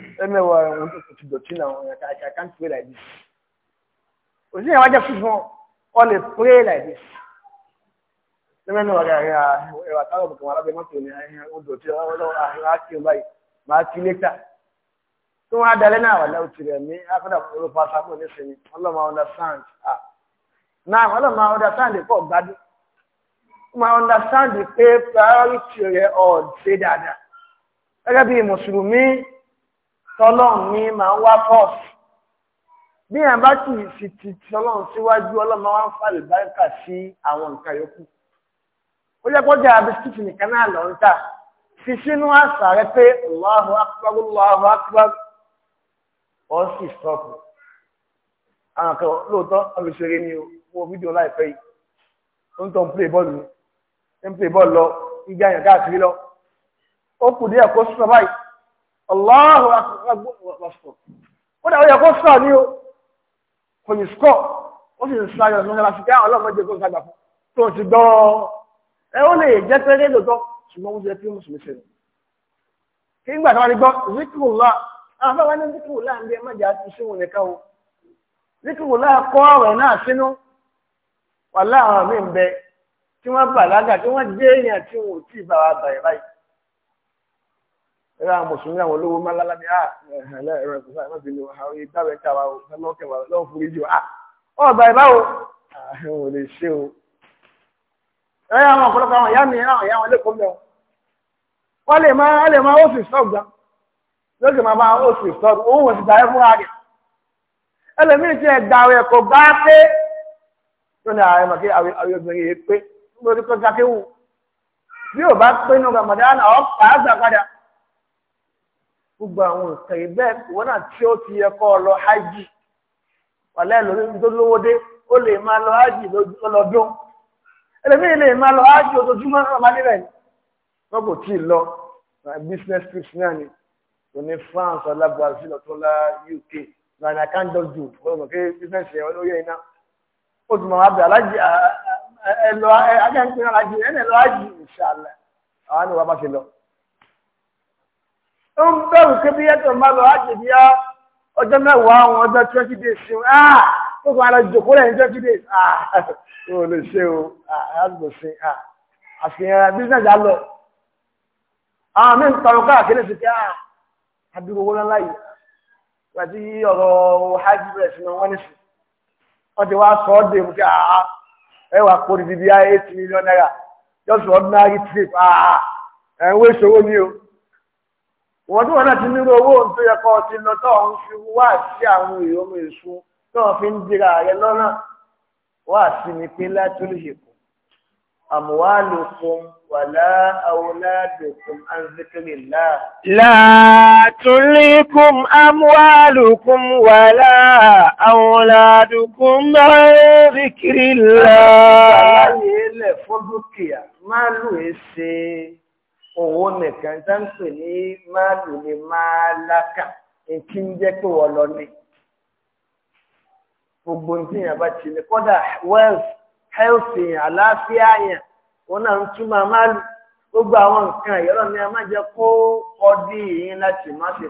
ẹmẹwàá ẹwọn tó I can't pray like this òsì yẹn wájà fún fún pray like this lẹ́mẹ̀ náà wàgà rẹ̀ ẹ̀wà táwọn bùkún wọn alábẹ́ mọ́tò understand ah. priority tọ́lọ́run ní máa ń wá fọ́ọ̀sì bí yàn bá kì í sì ti tọ́lọ́run síwájú ọlọ́run máa ń fàlè báríkà sí àwọn nǹkan yòókù ó yẹ kó jẹ́ àbísítì nìkan náà lọ ń tà fi sínú àṣà rẹ pé Allahu Akbar Allahu Akbar ọ sì sọ́ọ̀pù àwọn kan lóòótọ́ ọlùsèré ni wo fídíò láìpẹ́ yìí ó ń tọ́ ń play bọ́ọ̀lù ń play bọ́ọ̀lù lọ ìgbà yàn káàkiri lọ ó kù díẹ̀ kó sọ báyìí Allahu akpọ̀. Ó dà ó yẹ kó sọ̀ ní o, kò ní sọ̀, ó sì ń sáyọ̀ ní ọ̀la ọlọ́mọdé kó sàgbà fún. Tó ti ẹ ó lè jẹ́ ṣùgbọ́n tó wá ní gbọ́, zikrùlá, àwọn ní zikrùlá ẹ̀rọ àwọn mùsùlùmí àwọn olówó mọ́lálá ni ah, ẹ̀rọ ẹ̀kọ́ sáà wọ́n ti lo àwọn ìdáwẹ̀ tí àwa lọ́kẹ̀ wà lọ́wọ́ fún ìjọ à ọ̀ bá ẹ̀ báwo àwọn ah, ò lè ṣe o. ẹ̀rọ àwọn ọ̀pọ̀lọpọ̀ àwọn ìyá mi àwọn ìyá wọn lẹ́kọ̀ọ́ mẹ́wọ̀n wọ́n lè máa wọ́n lè máa ó sì stop gan lókè máa máa ó sì stop òun ò sì gbà ẹ́ fún ààrẹ ẹlòmíì ti ẹ̀gbà rẹ̀ kò bá pé tó ah, àwọn obìnrin gbogbo àwọn nǹkan yìí bẹ́ẹ̀ ìwọ náà tí ó ti yẹ kọ́ ọ lọ hajj wàlẹ́ lórí tó lówó dé ó lè máa lọ hajj lọ́dún ẹlẹ́mìí lè máa lọ hajj ojoojúmọ́ ọmọ nílẹ̀ wọn kò tí ì lọ business trips náà ni kò ní France ọ̀la Brazil ọ̀tọ́lá UK lànà I can't just do ọ̀rọ̀ business yẹn wọn ló yẹ iná ó ti mọ̀ wá bẹ̀ alájì ẹ̀ lọ ajá ń pín alájì ẹ̀ lọ hajj inshallah àwọn ó ń bẹ̀rù pé bí yẹ́tọ̀ máa lọ láti bí ọjọ́ mẹ́wàá àwọn ọjọ́ twenty days ṣe ah tó kàn án lọ jòkó lẹ́yìn twenty days ah ó [LAUGHS] lè ṣe o ah àgbò ṣe ah àfihàn eh, business á lọ àwọn míì ń tọrọ káàkiri sí pé ah àdúgbò wọn láyé àti ọ̀rọ̀ hajj bẹ̀rẹ̀ sí náà wọ́n ní sí wọ́n ti wá sọ ọ́ dé mú kí àá ẹwà kó di bíi eight million naira just ordinary trip àá ah, ah, ẹ̀ ń wé ìṣòwò ní o wọ́n tí wọ́n náà ti nírú owó tó yẹ kọ́ ti lọ tó ń fi wá sí àwọn ìyómi ìsun tó ń fi ń dira rẹ lọ́nà wá sí ni pé látúlù ṣèkù wàlá àwòládùkùn àǹzíkìrìlá. látúlìkùn àmúwálùkùn wàlá àwòládùkùn àǹzíkìrìlá. àlàyé ilẹ̀ fún dúkìá máa lù ẹ́ ṣe é. owó nìkan tá ń pè ní máàlù ní ń jẹ́ pé wọ́n lọ ní. gbogbo ní bá ti ní health yẹn àlàáfíà yẹn òun náà ń máàlù gbogbo àwọn nǹkan ìyọ́rọ̀ ni a máa jẹ́ kó ọdí yìí láti má ṣe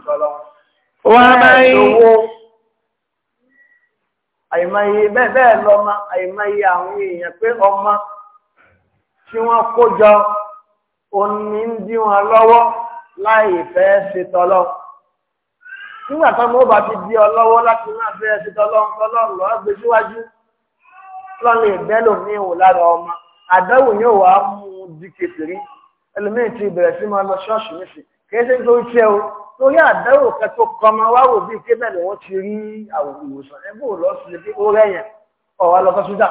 tí wọ́n òní ń dí wọn lọ́wọ́ láì fẹ́ ṣe tọ́lọ́ nígbà táwọn ó bá ti dí ọ lọ́wọ́ láti máa fẹ́ ṣe tọ́lọ́ tọ́lọ́ lọ́ọ́ gbé síwájú lọ́nà ìbẹ́lò ní ìwò lára ọmọ àdáwò yóò wá mú di kékeré ẹlòmíì ti bẹ̀rẹ̀ sí máa lọ ṣọ́ọ̀ṣì níṣì kìí o torí àdáwò kẹtó kọmọ wá wò bíi kébẹ̀ ni wọ́n ti rí ìwòsàn ẹgbẹ́ ò lọ sí ibi ó rẹ̀yìn ọ̀wá lọ sọ́súdà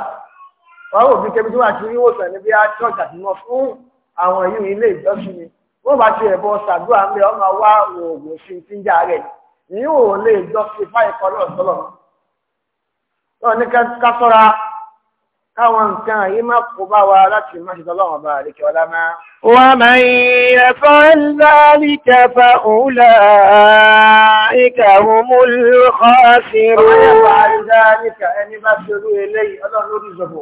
wá wò bíi kébẹ̀ tí wọ́n ti rí ìwòsàn níbi á ṣọ́ọ̀ṣì àti nọ́ọ̀sì àwọn yìí ilé ìjọsìn ni wọ́n bá ti ẹ̀bọ ṣàdúrà ń bẹ ọmọ wá oògùn sí i ti ń jà yìí ò lè jọ́sìn fáì kọ́lọ̀ sọ́lọ̀ náà ní ká káwọn nǹkan yìí má kó bá wa láti má ṣe tọ́lọ́wọ̀n bá àríkẹ́ ọlá máa. Wa man yaf'al dhalika fa ulaika humul khasirun. Wa man yaf'al dhalika ẹni bá ṣe orú eléyìí ọlọ́run lórí ìjọba.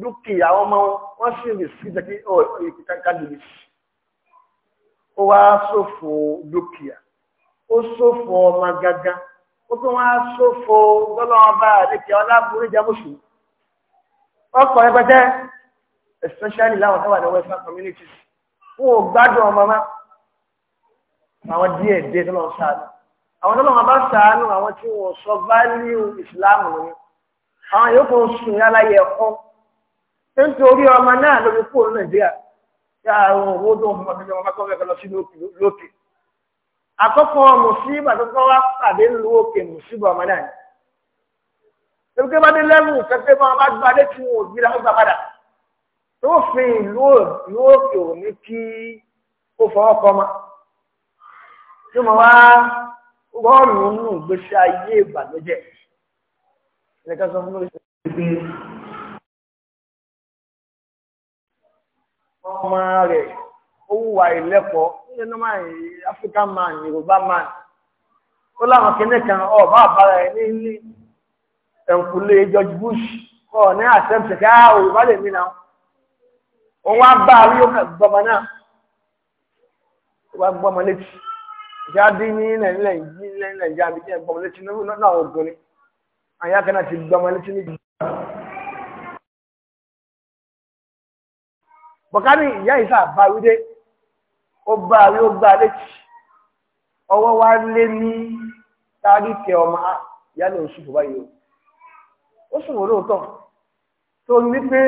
dúkìá ọmọ wọn sì rì sí ìjẹ́kí kádìrí ó wá ṣòfò dúkìá ó ṣòfò ọmọ gágá ó tún wá ṣòfò lọ́lọ́ọba àdékè ọlábùrú ìjẹ́mùsù ọkọ̀ ẹgbẹ́jẹ́ especially láwọn tó wà ní western communities wọn ò gbádùn ọmọ máa àwọn díẹ̀ díẹ̀ tó lọ́n sáànù àwọn tó lọ́n bá sáànù àwọn tí wọ́n sọ value Islam nìyẹn àwọn yòókù ń sùn yálà yẹ ẹ̀kọ́ nítorí ọmọ náà ló fi kú òun nàìjíríà tí àwọn owó tó ń fún ọmọdé ọmọ kọ́ fẹ́ lọ sí lókè àkọ́kọ́ mùsíbà tó kọ́ wá pàdé lu òkè mùsíbà ọmọ náà ni tẹ́lifíkẹ́ bá dé lẹ́mù kẹ́kẹ́ bá wọn bá gba létí wọn òbí la ó gba padà tó fi ìlú òkè òní kí ó fọwọ́ kọ́ ma tí mo wá rọrùn nù gbèsè ayé ìbànújẹ́ ẹ̀ka sọ fún mi. ọmọ rẹ̀ ó wà ìlẹ́kọ̀ọ́ nílẹ̀ normal African man Yorùbá man ó láwọn kìíní kan ọba àbára ẹ̀ ní George Bush ọ̀ ní àṣẹ́mṣẹ̀ ká lè mí náà wá bá a rí ó gbọmọ náà gbọmọ létí jáde ní Nàìjíríà Nàìjíríà bí gbọmọ létí náà ti gbọmọ létí níbi. bọ̀kání ìyá ìsà bá wídé ó bá rí ó gbá létí ọwọ́ wá lé ní táríkẹ ọmọ ìyá ní oṣù fòbá yìí ó sùn wọ́n lóòótọ́ tó ní pé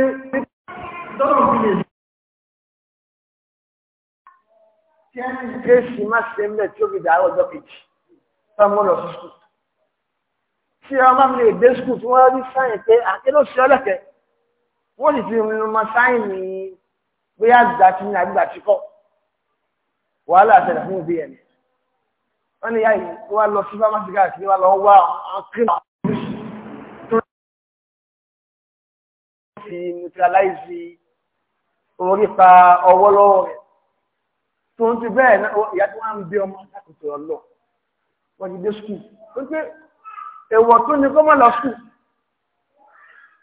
tọ́lọ̀ fi lè tí ẹni kéèsì má ṣe ń bẹ̀ tí ó fi dàárọ̀ ọjọ́ kejì tọ́mọ́ lọ sí skul tí ọmọ mi lè dé skul tí wọ́n rí sáyìn pé àkérò sí wọ́n sì fi bóyá àgbà tí ní àgbà tí kọ́ wàhálà àtẹ̀lẹ̀ fún òbí ẹ̀mí wọ́n ní yáyí tó wá lọ sí fámásì káàkiri wá lọ wá àwọn kílà tó fi neutralize orí pa ọwọ́ lọ́wọ́ rẹ̀ tó ń ti bẹ́ẹ̀ ìyá tí wọ́n ń bí ọmọ akákòtò ọlọ́ ti dé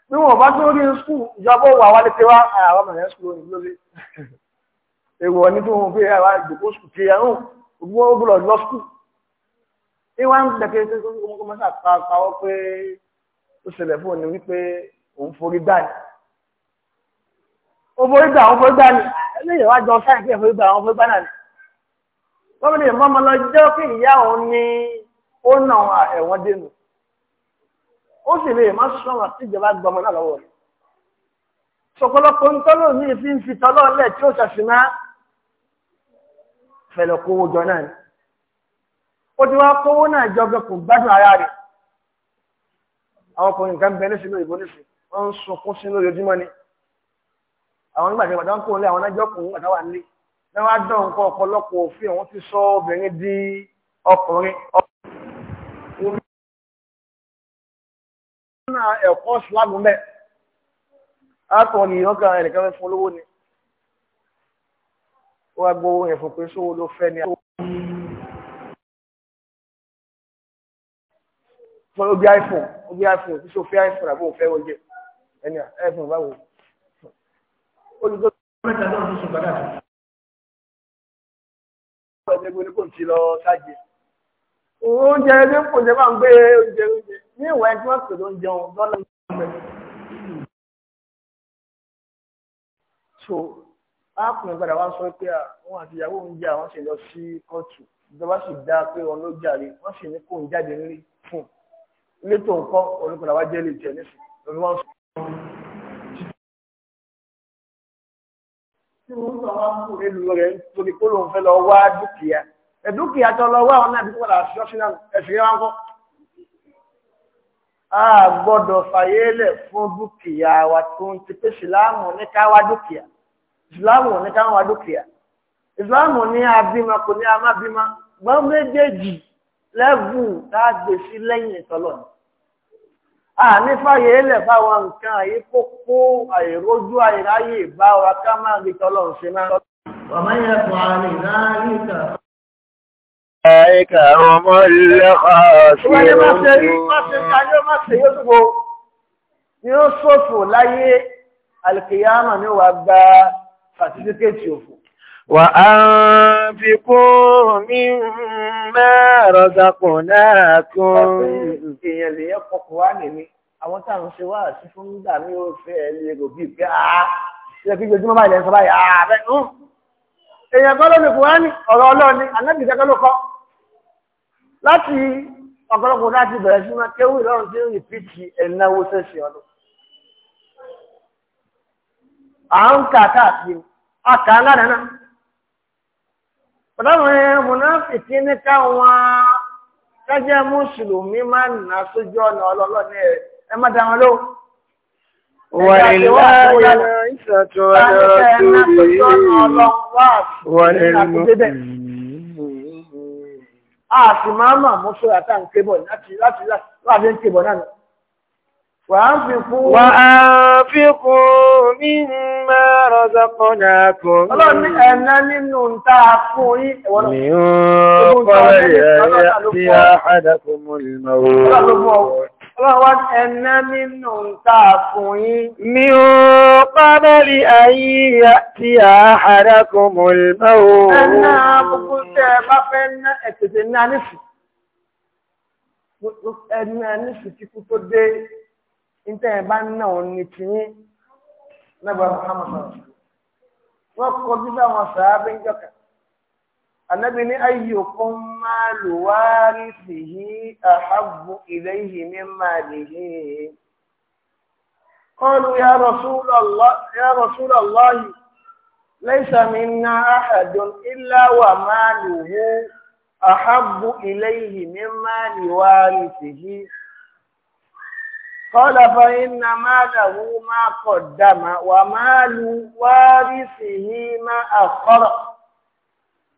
bí wọn bá tó rí skul ìjọba wà wálé pé wá ah, àwọn ọmọ yẹn skul òní lórí èwọ ní kí [LAUGHS] wọn fi àwọn ìgbòkó skul kiri ẹrùn òbí wọn gbọ́dọ̀ lọ skul ní wọn dẹkẹ ṣe kó kó mọṣà pa pawọ pé ó ṣẹlẹ̀ fún òní wípé òun forí gbà ní ó forí gbà òun forí gbà ní ẹlẹyìn wájú ọsán ìpínlẹ̀ forí gbà òun forí gbà náà ní wọn bẹ lè mọ ọmọ lọ jẹ kí ìyá òun ní ó nà ẹ̀wọ̀n dénú ó sì lè má ṣọ́ra sí ìjọba gbọmọ náà lọ́wọ́ rẹ̀ ṣọ̀pọ̀lọpọ̀ ń tọ́lọ̀ ní ìfi ń fi tọ́lọ̀ lẹ̀ tí ó ṣàṣìná fẹ̀lẹ̀ kówó jọ náà ni ó ti wá kówó náà jọgbẹ́ kò gbádùn ara rẹ̀ àwọn ọkùnrin nǹkan bẹ nísìlò ìbò nísì wọ́n ń sunkún sí lórí ojúmọ́ ni àwọn nígbà tí ìbàdàn kò lé àwọn anájọ́kùnrin àtàwà nílé náà wá dán nǹkan ọ̀pọ̀lọpọ̀ òfin àwọn ti sọ obìnrin ẹ̀kọ́ ìsìlámù mẹ́ àtọ̀ ni ìyàn kan ẹnìkan fẹ́ fún olówó ni ó wá gbowó yẹn fún pé sówó ló fẹ́ ni fún obi iphone obi iphone tí sófin iphone àbò òfẹ́ oúnjẹ ẹni iphone báwo olùdó mẹ́ta náà ló sùn padà ọ̀dẹ́gbẹ́ ní kò tí lọ ṣáàjì oúnjẹ ẹgbẹ́ ń pò jẹ́ máa ń gbé oúnjẹ oúnjẹ ní ìwà ẹni tí wọ́n pè ló ń jẹun lọ́nà ìgbẹ́. so arákùnrin padà wá sọ pé àwọn àtìyàwó ń jà wọ́n sì lọ sí kóòtù ìjọba sì dá pé wọn ló jàre wọ́n sì ní kóun jáde nílé fún un ilé tó ń kọ́ olùkọ́ni àwa jẹ́ lè jẹ́ nísìn lórí wọn sọ. tí wọ́n sọ wá kú nílùú rẹ̀ torí pé lòun fẹ́ lọ wá dúkìá ẹ̀dúkìá tó lọ wá ọ̀nà àbíkú padà ṣọ́ṣínà ẹ̀sìn yẹn wá ń kọ́ a gbọ́dọ̀ fàyélẹ̀ fún dúkìá wa tó ń ti pé ìsìláàmù ní káwá dúkìá ìsìláàmù ní káwá dúkìá ìsìláàmù ní abímọ kò ní amábímọ gbọ́n méjèèjì lẹ́bù tá a gbè sí lẹ́yìn ìtọ́lọ̀ ni a ní fàyélẹ̀ fáwọn nǹkan àyè kókó àìrójú àìráyè bá wa ká máa rí tọ́lọ̀ ṣe máa. wàmáyé fún àmì náà ní ìtàn. Ẹ̀ẹ́kà ọmọ lẹ́kọ̀ọ́ sí ọmọ. Ìwọ́n ni máa ṣe rí, máa ṣe ká yóò máa ṣe yóò túnbọ̀. Yóò ṣòfò láyé alìkìyàmà ní wà gba fàtífíkẹ́tì òfò. Wà á fi kó mi mẹ́rọ zakò náà kún. sí fún gbà mí ó fẹ́ lè rò bíi pé àá. Ṣé kí gbẹdúmọ́ báyìí lẹ́sọ̀ báyìí àá bẹ́ẹ̀. Èèyàn kọ́ ló ní ọ̀rọ̀ Ọlọ́run ni, láti ọ̀pọ̀lọpọ̀ láti bẹ̀rẹ̀ sí máa kéwù ìlọ́run tí ó yìí ti ẹ̀náwó sẹ́sì ọdún. à ń kà káàkiri ọkà aládàáná. pẹ̀lú mùnáfì tí ní káwọn tẹ́jẹ́ mùsùlùmí máa nà sójú ọ̀nà ọlọ́lọ́ni ẹ má a sì máa mà mú sóra tá ń kébọ̀ láti láti láti ń kébọ̀ náà. Wà á fi kún. Wà á fi kún náà kún. ní ẹ̀ná nínú ń fún yín. Mi Ọlọ́wọ́n ẹ̀nà nínú ta fún yín. Mi ò pàbẹ́lì ayíyà tí a ààrẹ kò mọ̀ ìmọ̀ ooo. Ẹ̀nà gbogbo tẹ́ bá fẹ́ ná ẹ̀tẹ̀tẹ̀ ní anífù. Ẹni anífù tí kú tó dé, ìtẹ́ ẹ̀ náà ò ní ti yín. Mẹ́bàá Muhammad. Wọ́n kọjú bá wọn sàábé ń jọkà. Ànábì ní ayyukum malu warisihi ahabbu ilayhi min malihi. Qalu ya Rasulallah ya Rasulallah laysa minna ahadun illa wa maluhu ahabbu ilayhi min mali warisihi. قال فإنما له ما قدم ومال وارثه ما أخر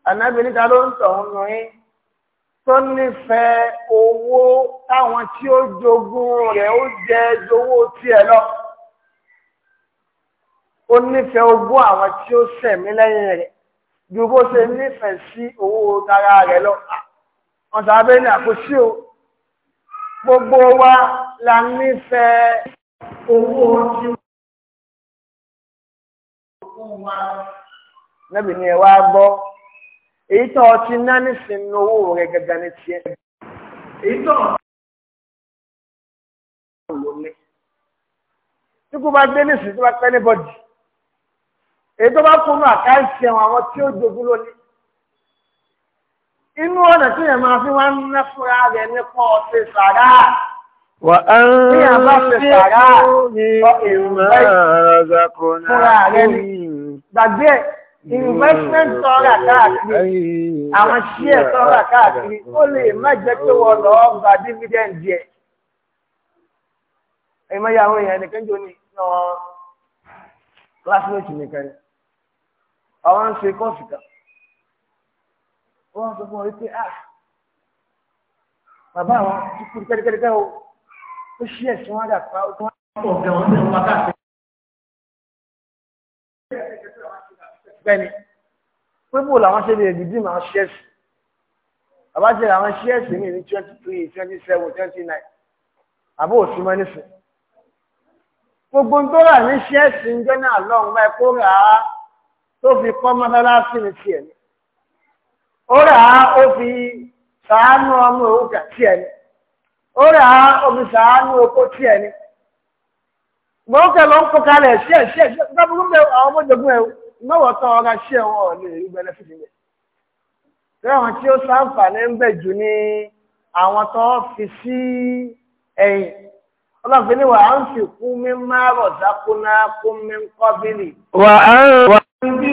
ànábì níta ló ń tọ̀ ọ́nà yín tó nífẹ̀ẹ́ owó táwọn tí ó jogún rẹ̀ ó jẹ jowó tiẹ̀ lọ ó nífẹ̀ẹ́ ogún àwọn tí ó sẹ̀mí lẹ́yìn rẹ̀ ju bó ṣe nífẹ̀ẹ́ sí owó tara rẹ̀ lọ wọn sábẹ́ ní àkóṣí o gbogbo wa la nífẹ̀ẹ́ owó tí wọ́n wá. Nẹ́bì ni ẹ wá gbọ́ èyí tó ọtí ná nísìnyí owó rẹ̀ gẹ́gẹ́ ní tiẹ̀. èyí tó ọtí ló ní. tí kò bá dé nísìnyí tó bá pẹ́ ní bọ́dì. èyí tó bá kúnnú àkáǹtì ẹ̀wọ̀n àwọn tí ó jogún lónìí. inú ọ̀nà tí yẹn máa fi wá ná fúnra rẹ̀ nípa ọ̀sẹ̀ sàrà. Wà á ń fi kú ní ìmọ̀ àzàkùnà. Fúnra rẹ̀ ni. Gbàgbé investment tọ́ra káàkiri àwọn share tọ́ra káàkiri ó lè má jẹ́ pé wọ́n lọ gba dividend yẹ. ẹ̀yin máa yà àwọn èèyàn nìkan jò ní classmate nìkan ni àwọn ń ṣe kọ́ọ̀sì kan wọ́n sọ fún ọ wípé ah bàbá àwọn ti kú kẹ́ríkẹ́ríkẹ́ o ó ṣí ẹ̀sìn wọn dà pa ó tún wá pọ̀ gan-an ó tipẹ́tipẹ́ ni làwọn ṣe lè dìdí màá ṣẹ́ẹ̀sì àbájẹ làwọn ṣẹ́ẹ̀sì mi ní 23 27 29 àbó òsì mọ́ gbogbo tó rà ní ṣẹ́ẹ̀sì ń jẹ́ náà lọ́run rà á tó fi kọ́ mọ́sálásí ní tiẹ̀ ni ó rà á ó fi sàánú ọmọ òwúkà tiẹ̀ ni ó rà á ó fi sàánú oko tiẹ̀ ni ń ṣẹ́ẹ̀ṣẹ́ẹ̀ṣẹ́ mọ́wọ́ tán ọ̀rá ṣẹ́ wọn lè rí bẹ́lẹ́fìdì rẹ̀ tẹ́wọ̀n tí ó sáǹfààní ń bẹ̀ jù ní àwọn tó fi sí ẹ̀yìn ọlọ́pẹ́ ní wà á ń fi kú mi máa rọ̀ dákúná kú mi ń kọ́ bílì. wà á ń bí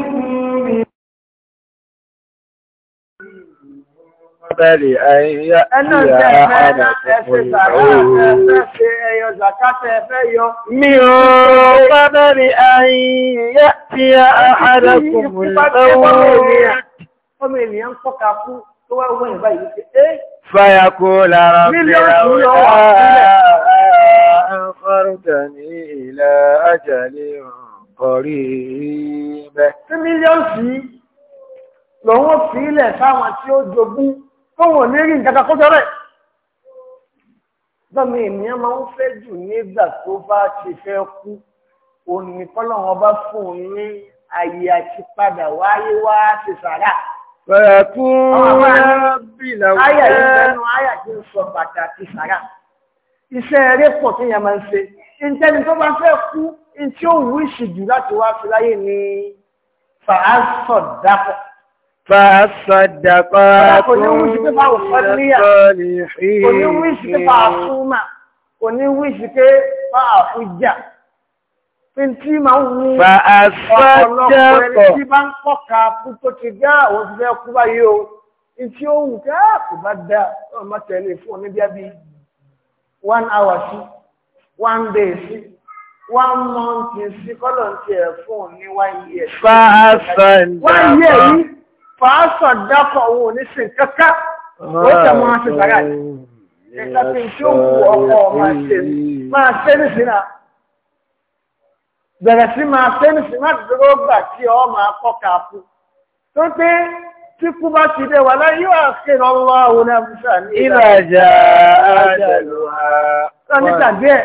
Bẹ́ẹ̀lì àìyá ẹnu tẹ fẹ́ náà ẹsẹ̀ sàrà ẹ̀fẹ́ ṣe ẹyọ zakata ẹfẹ́ yọ. Mi ò bẹ́ẹ̀lì àìyá tí a àárẹ̀ kò mú lọ́wọ́. Ọmọ ènìyàn ń pọ́ka fún tó wá wọ́n ìgbà yìí ṣe é. Fáyà kó lára fìlà wọlé. Àǹfàrùtàní ìlà àjàlè kọ̀rí bẹ́ẹ̀. Tí mílíọ̀nù sí lòun fi ilẹ̀ fáwọn tí ó jogún tó wọ̀n ní rí nǹkan kọjọ́ rẹ̀. Bọ́mi ènìyàn máa ń fẹ́ jù nígbà tó bá ti fẹ́ kú, òní kọ́lọ́wọ́n bá fún un ní àyè àti padà wáyé wá ti sàrà. Fẹ̀kún bìlà wọ́n. Ayà yìí lẹ́nu ayà tí ń sọ pàtàkì sàrà. Iṣẹ́ eré pọ̀ tí yẹn máa ń ṣe. Ìjẹni tó bá fẹ́ kú, ní tí ó wù láti wá fi láyé ni fàásọ̀ dápọ̀. فالصدقات الصالحين oníwíṣì pé máa fújà fi tí máa ń wú ọ̀pọ̀lọpọ̀ ẹni tí bá ń pọ̀ka fún tó ti dá àwọn òṣìṣẹ́ kú báyìí o ní tí ó wù ká kò bá dá ọ̀rọ̀ máa tẹ̀lé fún ọ níbi àbí one hour sí one day sí one month sí kọ́lọ̀ ń tiẹ̀ fún ọ ní one year. fa àṣà ìdáàbò one year yìí fàásọ̀ dákọ̀ owó oníṣìn kẹ́kẹ́ ó tẹ̀ máa ṣe sàrà ẹ̀ka tí tí ó wù ọkọ̀ máa ṣe máa ṣe nìṣínà bẹ̀rẹ̀ sí máa ṣe nìṣínà má dúró gbà tí ọ máa kọ́ kàáfù tó pé tí kú bá ti dé wà láyé yóò àṣírí ní ìlàjà àjẹlù ha. sọ nígbà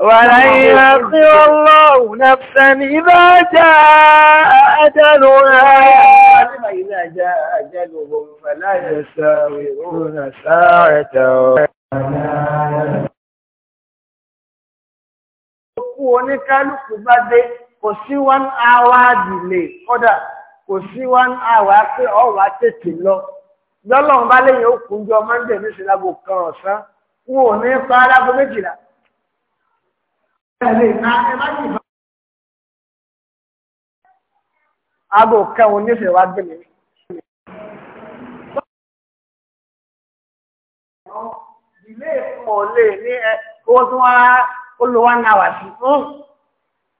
ولن يأخر الله نفسا إذا جاء أجلها إذا جاء أجلهم فلا يستاورون ساعة Òkú oníkálùkù bá dé, kò sí one hour delay, kódà kò sí one hour ọwà tètè lọ. Lọ́lọ́run bá lẹ́yìn òkú jọ Monday ní ìsìlábò kan ọ̀sán, wọn ní pa méjìlá. Aago kẹwọn nífẹ̀ẹ́ wá gbé mi. Ilé ìpọ̀ lè ní owó tí wọ́n olú wá náà wà sí.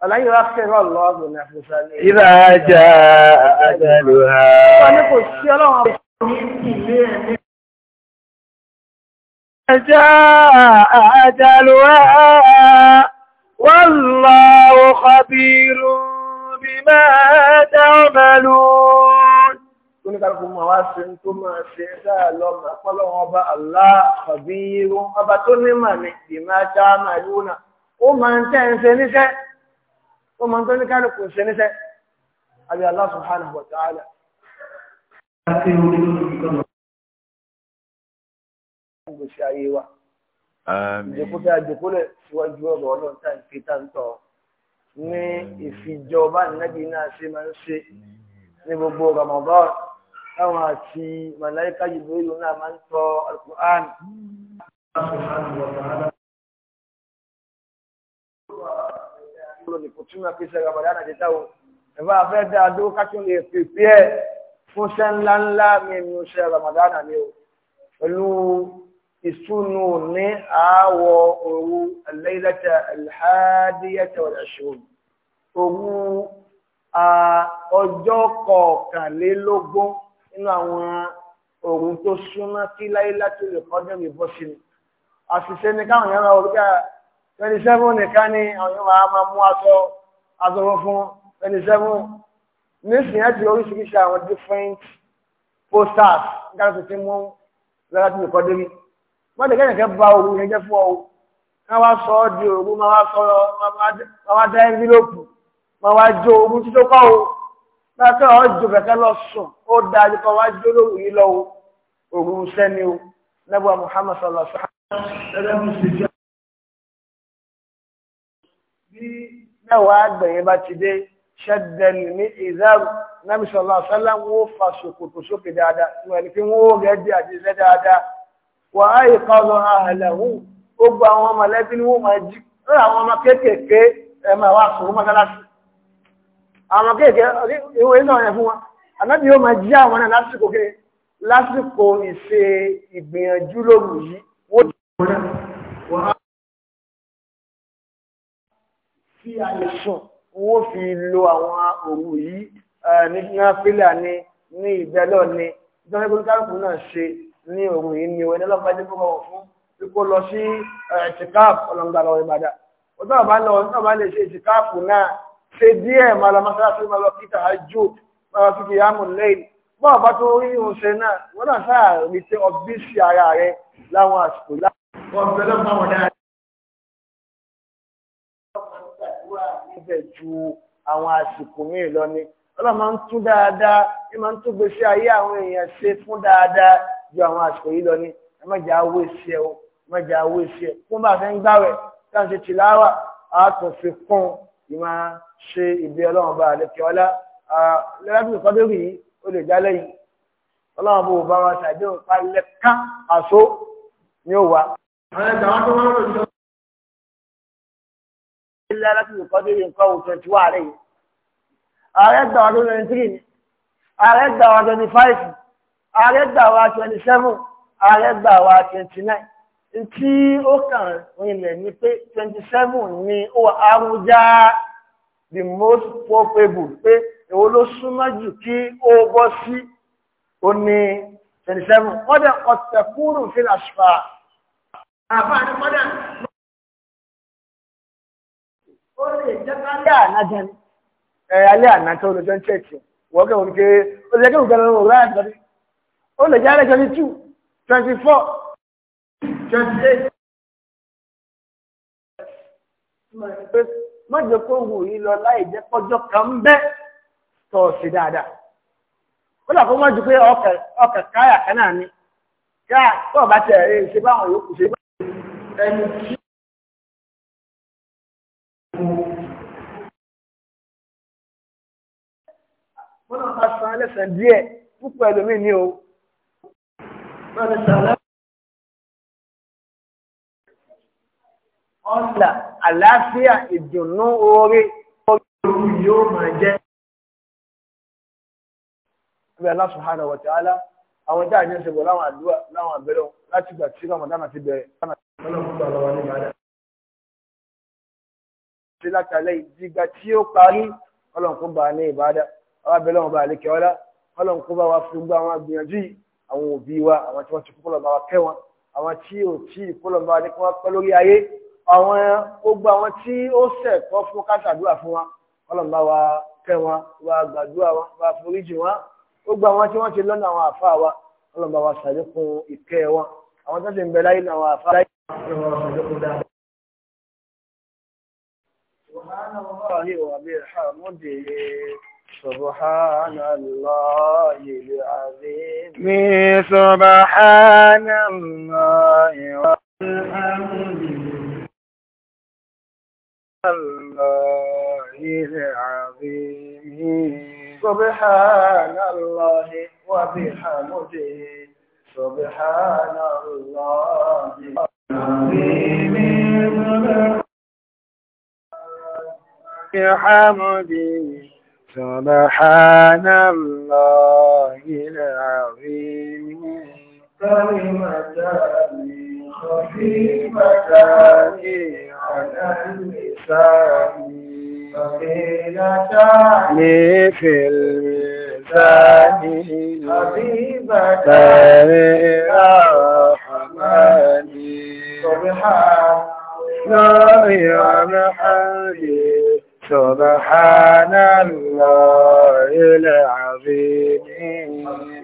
Ọ̀láyé wá fẹ́ rọ̀ lọ́ọ̀dọ̀ ní àfẹ́sà ní. Ìrà ajá àjálù ha. Wọ́n ní kò sí ọlọ́run ọ̀pọ̀ والله خبير بما تعملون oníkàlùkù mọ̀ wá sí ń tó máa ṣe dáa lọ́mà pọ́lọ́wọ́n ọba Allah khabirun ọba tó nímà ní bima ta'maluna ó máa ń tẹ́ ń ṣe níṣẹ́ ó máa ń tó níkàlùkù ṣe níṣẹ́ àbí Allah subhanahu wa ta'ala. ìgbésí ayé wa ìjòkó tá a jòkó lẹ̀ síwájú ọ̀rọ̀ ọlọ́run tá n ké tá n tọ̀ ní ìfìjọba nínẹ́bí náà ṣe máa ń ṣe ní gbogbo Ramadan táwọn àti màláìka Jibril náà máa ń tọ Al-Qur'an. olùdí kò túmọ̀ pé sẹ́ra bàdánà ni o ìsúnú ní àáwọ̀ òru aláìláta alhádíyàtà ọ̀dàṣòro òru ọjọ́ kọkànlélógún nínú àwọn òru tó súnmọ́ sí láìláta olùkọ́dọ̀ ìbọ́ sí ni àṣìṣe ní káwọn yàrá olùkà 27 nìkan ni àwọn yàrá máa mú aṣọ aṣọ fún 27 nísìnyí láti oríṣiríṣi wọ́n tẹ̀kẹ́ tẹ̀kẹ́ bá ogun yẹn jẹ́ fún ọ máa wá sọ ọ́ di ogun máa wá sọ ọ́ máa wá dá ẹ́ńfílópù máa o lọ́kẹ́ ọ́ jò kẹ́kẹ́ lọ sùn ó da ju kọ́ wá jó lóru yìí lọ o ogun sẹ́ni o lẹ́bùn Muhammad sọlọ sọ. bí mẹ́wàá gbẹ̀yìn bá ti dé ṣẹ́dẹ̀lì ní ìzáàrù náà sọlọ sọlá ń wó fa ṣòkòtò sókè dáadáa ìwọ̀n ni pé wọ́n ó gẹ́ dé àti iṣẹ́ dáadáa wà á ìkọlọ̀ àhàlẹ̀hún gbogbo àwọn mọ̀lẹ́bí ni wọ́n máa jí lórí àwọn ọmọ kéékèèké ẹ̀mà wà sọ̀rọ̀ mọ́sálásí àwọn kéékèèké ìwé náà yẹ fún wọn ànábì yóò máa jí àwọn náà lásìkò ké lásìkò ìṣe ìgbìyànjú lóru yìí wọ́n jí wọn náà wà á fi àìsàn wọ́n fi lo àwọn òru yìí ní ní ní ìbẹ́lọ́ ni ìjọba ìgbóhùn kárùkù náà ṣe ní òun yìí ni òun ẹlọ́pàá jẹ́ kókò fún bí kò lọ sí ẹ̀tìkáàfù eh, ọlọ́gbà lọ ìbàdà ó tó àbá lọ tó àbá lè ṣe ẹ̀tìkáàfù náà ṣe díẹ̀ máa lọ mọ́sálásí máa lọ kíta àjò máa lọ kíkì yàmù lẹ́yìn bọ́ àbá tó rí ìhun ṣe náà wọ́n náà sáà rí ṣe ọbí sí ara rẹ láwọn àsìkò láwọn àwọn àsìkò míì lọ ni ń tún dáadáa ní máa ń tún gbèsè ayé àwọn èèyàn ṣe fún dáadáa ju àwọn àsìkò yìí lọ ni ẹ má jẹ́ iṣẹ́ o ẹ má jẹ́ awó iṣẹ́ fún bá a fẹ́ ń gbàwẹ̀ ká ń ṣe tìláwà á tún fi kún ìmọ̀ ṣe ìbí ọlọ́run bá àlẹ́kẹ́ ọlá lẹ́lábí ìkọ́dérì yìí ó lè já lẹ́yìn ọlọ́run bó bá wa ṣàdé òpá lẹ́ka àṣó ni ó wà. àwọn ẹgbẹ́ wọn tó wọ́n rò ní ilé alábí ìkọ́dérì nǹkan òun twenty one rẹ̀ yìí ààrẹ gbà wọn tó twenty ààrẹ gbà twenty seven ààrẹ gbà twenty nine tí ó kàn rinlẹ̀ ni pé twenty seven ni ó arújá the most probable pé èwo ló súnmọ́ jù kí ó bọ́ sí ó ní twenty seven wọ́n ọ̀tẹ̀ kúrò fi làṣùpà. àbáni mọ́dà ó lè jẹ́ kálí ànájẹ́ ni alẹ́ àná tó lọ́jọ́ ń ṣèkì wọ́n kẹ́wọ́n ké ó lè jẹ́ kí òun gbẹ́rẹ́ rẹ̀ ó lè jẹ́ twenty two twenty four twenty eight. má jẹ́ kó hù yìí lọ láì jẹ́ kọjọ́ kan ń bẹ́ tọ̀ sí dáadáa ó dà kó má ju pé ọkà káyà kan náà ni káà tó ọba tẹ̀ ẹ́ ṣe báwọn yòókù ṣe báwọn ẹni bá san ẹlẹ́sẹ̀ díẹ̀ púpọ̀ ẹlòmíì ní o ọ̀là àlàáfíà ìdùnnú oore olùkú yóò máa jẹ́. Ẹgbẹ́ Allah subhanahu wa ta'ala, àwọn dáa ní ẹsẹ̀ bọ̀ láwọn àdúrà láwọn àbẹ̀rẹ̀ láti gbà tí Ramadan ti bẹ̀rẹ̀. Ṣé látàlẹ́ ìdígbà tí ó parí, ọlọ́nkún bá ní ìbádá, ọlọ́bẹ̀lọ́wọ̀n bá àlékẹ́ ọlá, ọlọ́nkún bá wa fún gbá wọn gbìyànjú yìí àwọn òbí wa àwọn tí wọ́n ti kú kọ́lọ̀ bá wa kẹ́ wọn àwọn tí ò tí kọ́lọ̀ bá wa ní kí wọ́n pẹ́ lórí ayé àwọn gbogbo àwọn tí ó ṣẹ̀tọ́ fún ká ṣàdúrà fún wa kọ́lọ̀ bá wa kẹ́ wọn wa gbàdúrà wọn wa foríjì wọn gbogbo àwọn tí wọ́n ti lọ́nà àwọn àfa wa kọ́lọ̀ bá wa ṣàlékún ìkẹ́ wọn àwọn tó ti ń bẹ láyé náà àwọn àfa láyé سبحان الله العظيم سبحان الله والحمد الله العظيم سبحان الله وبحمده سبحان الله العظيم بحمده سبحان الله العظيم كلمتان خفيفتان على اللسان ثقيلتان في الميزان حبيبتان إلى الرحمن سبحان الله الحميد سبحان الله العظيم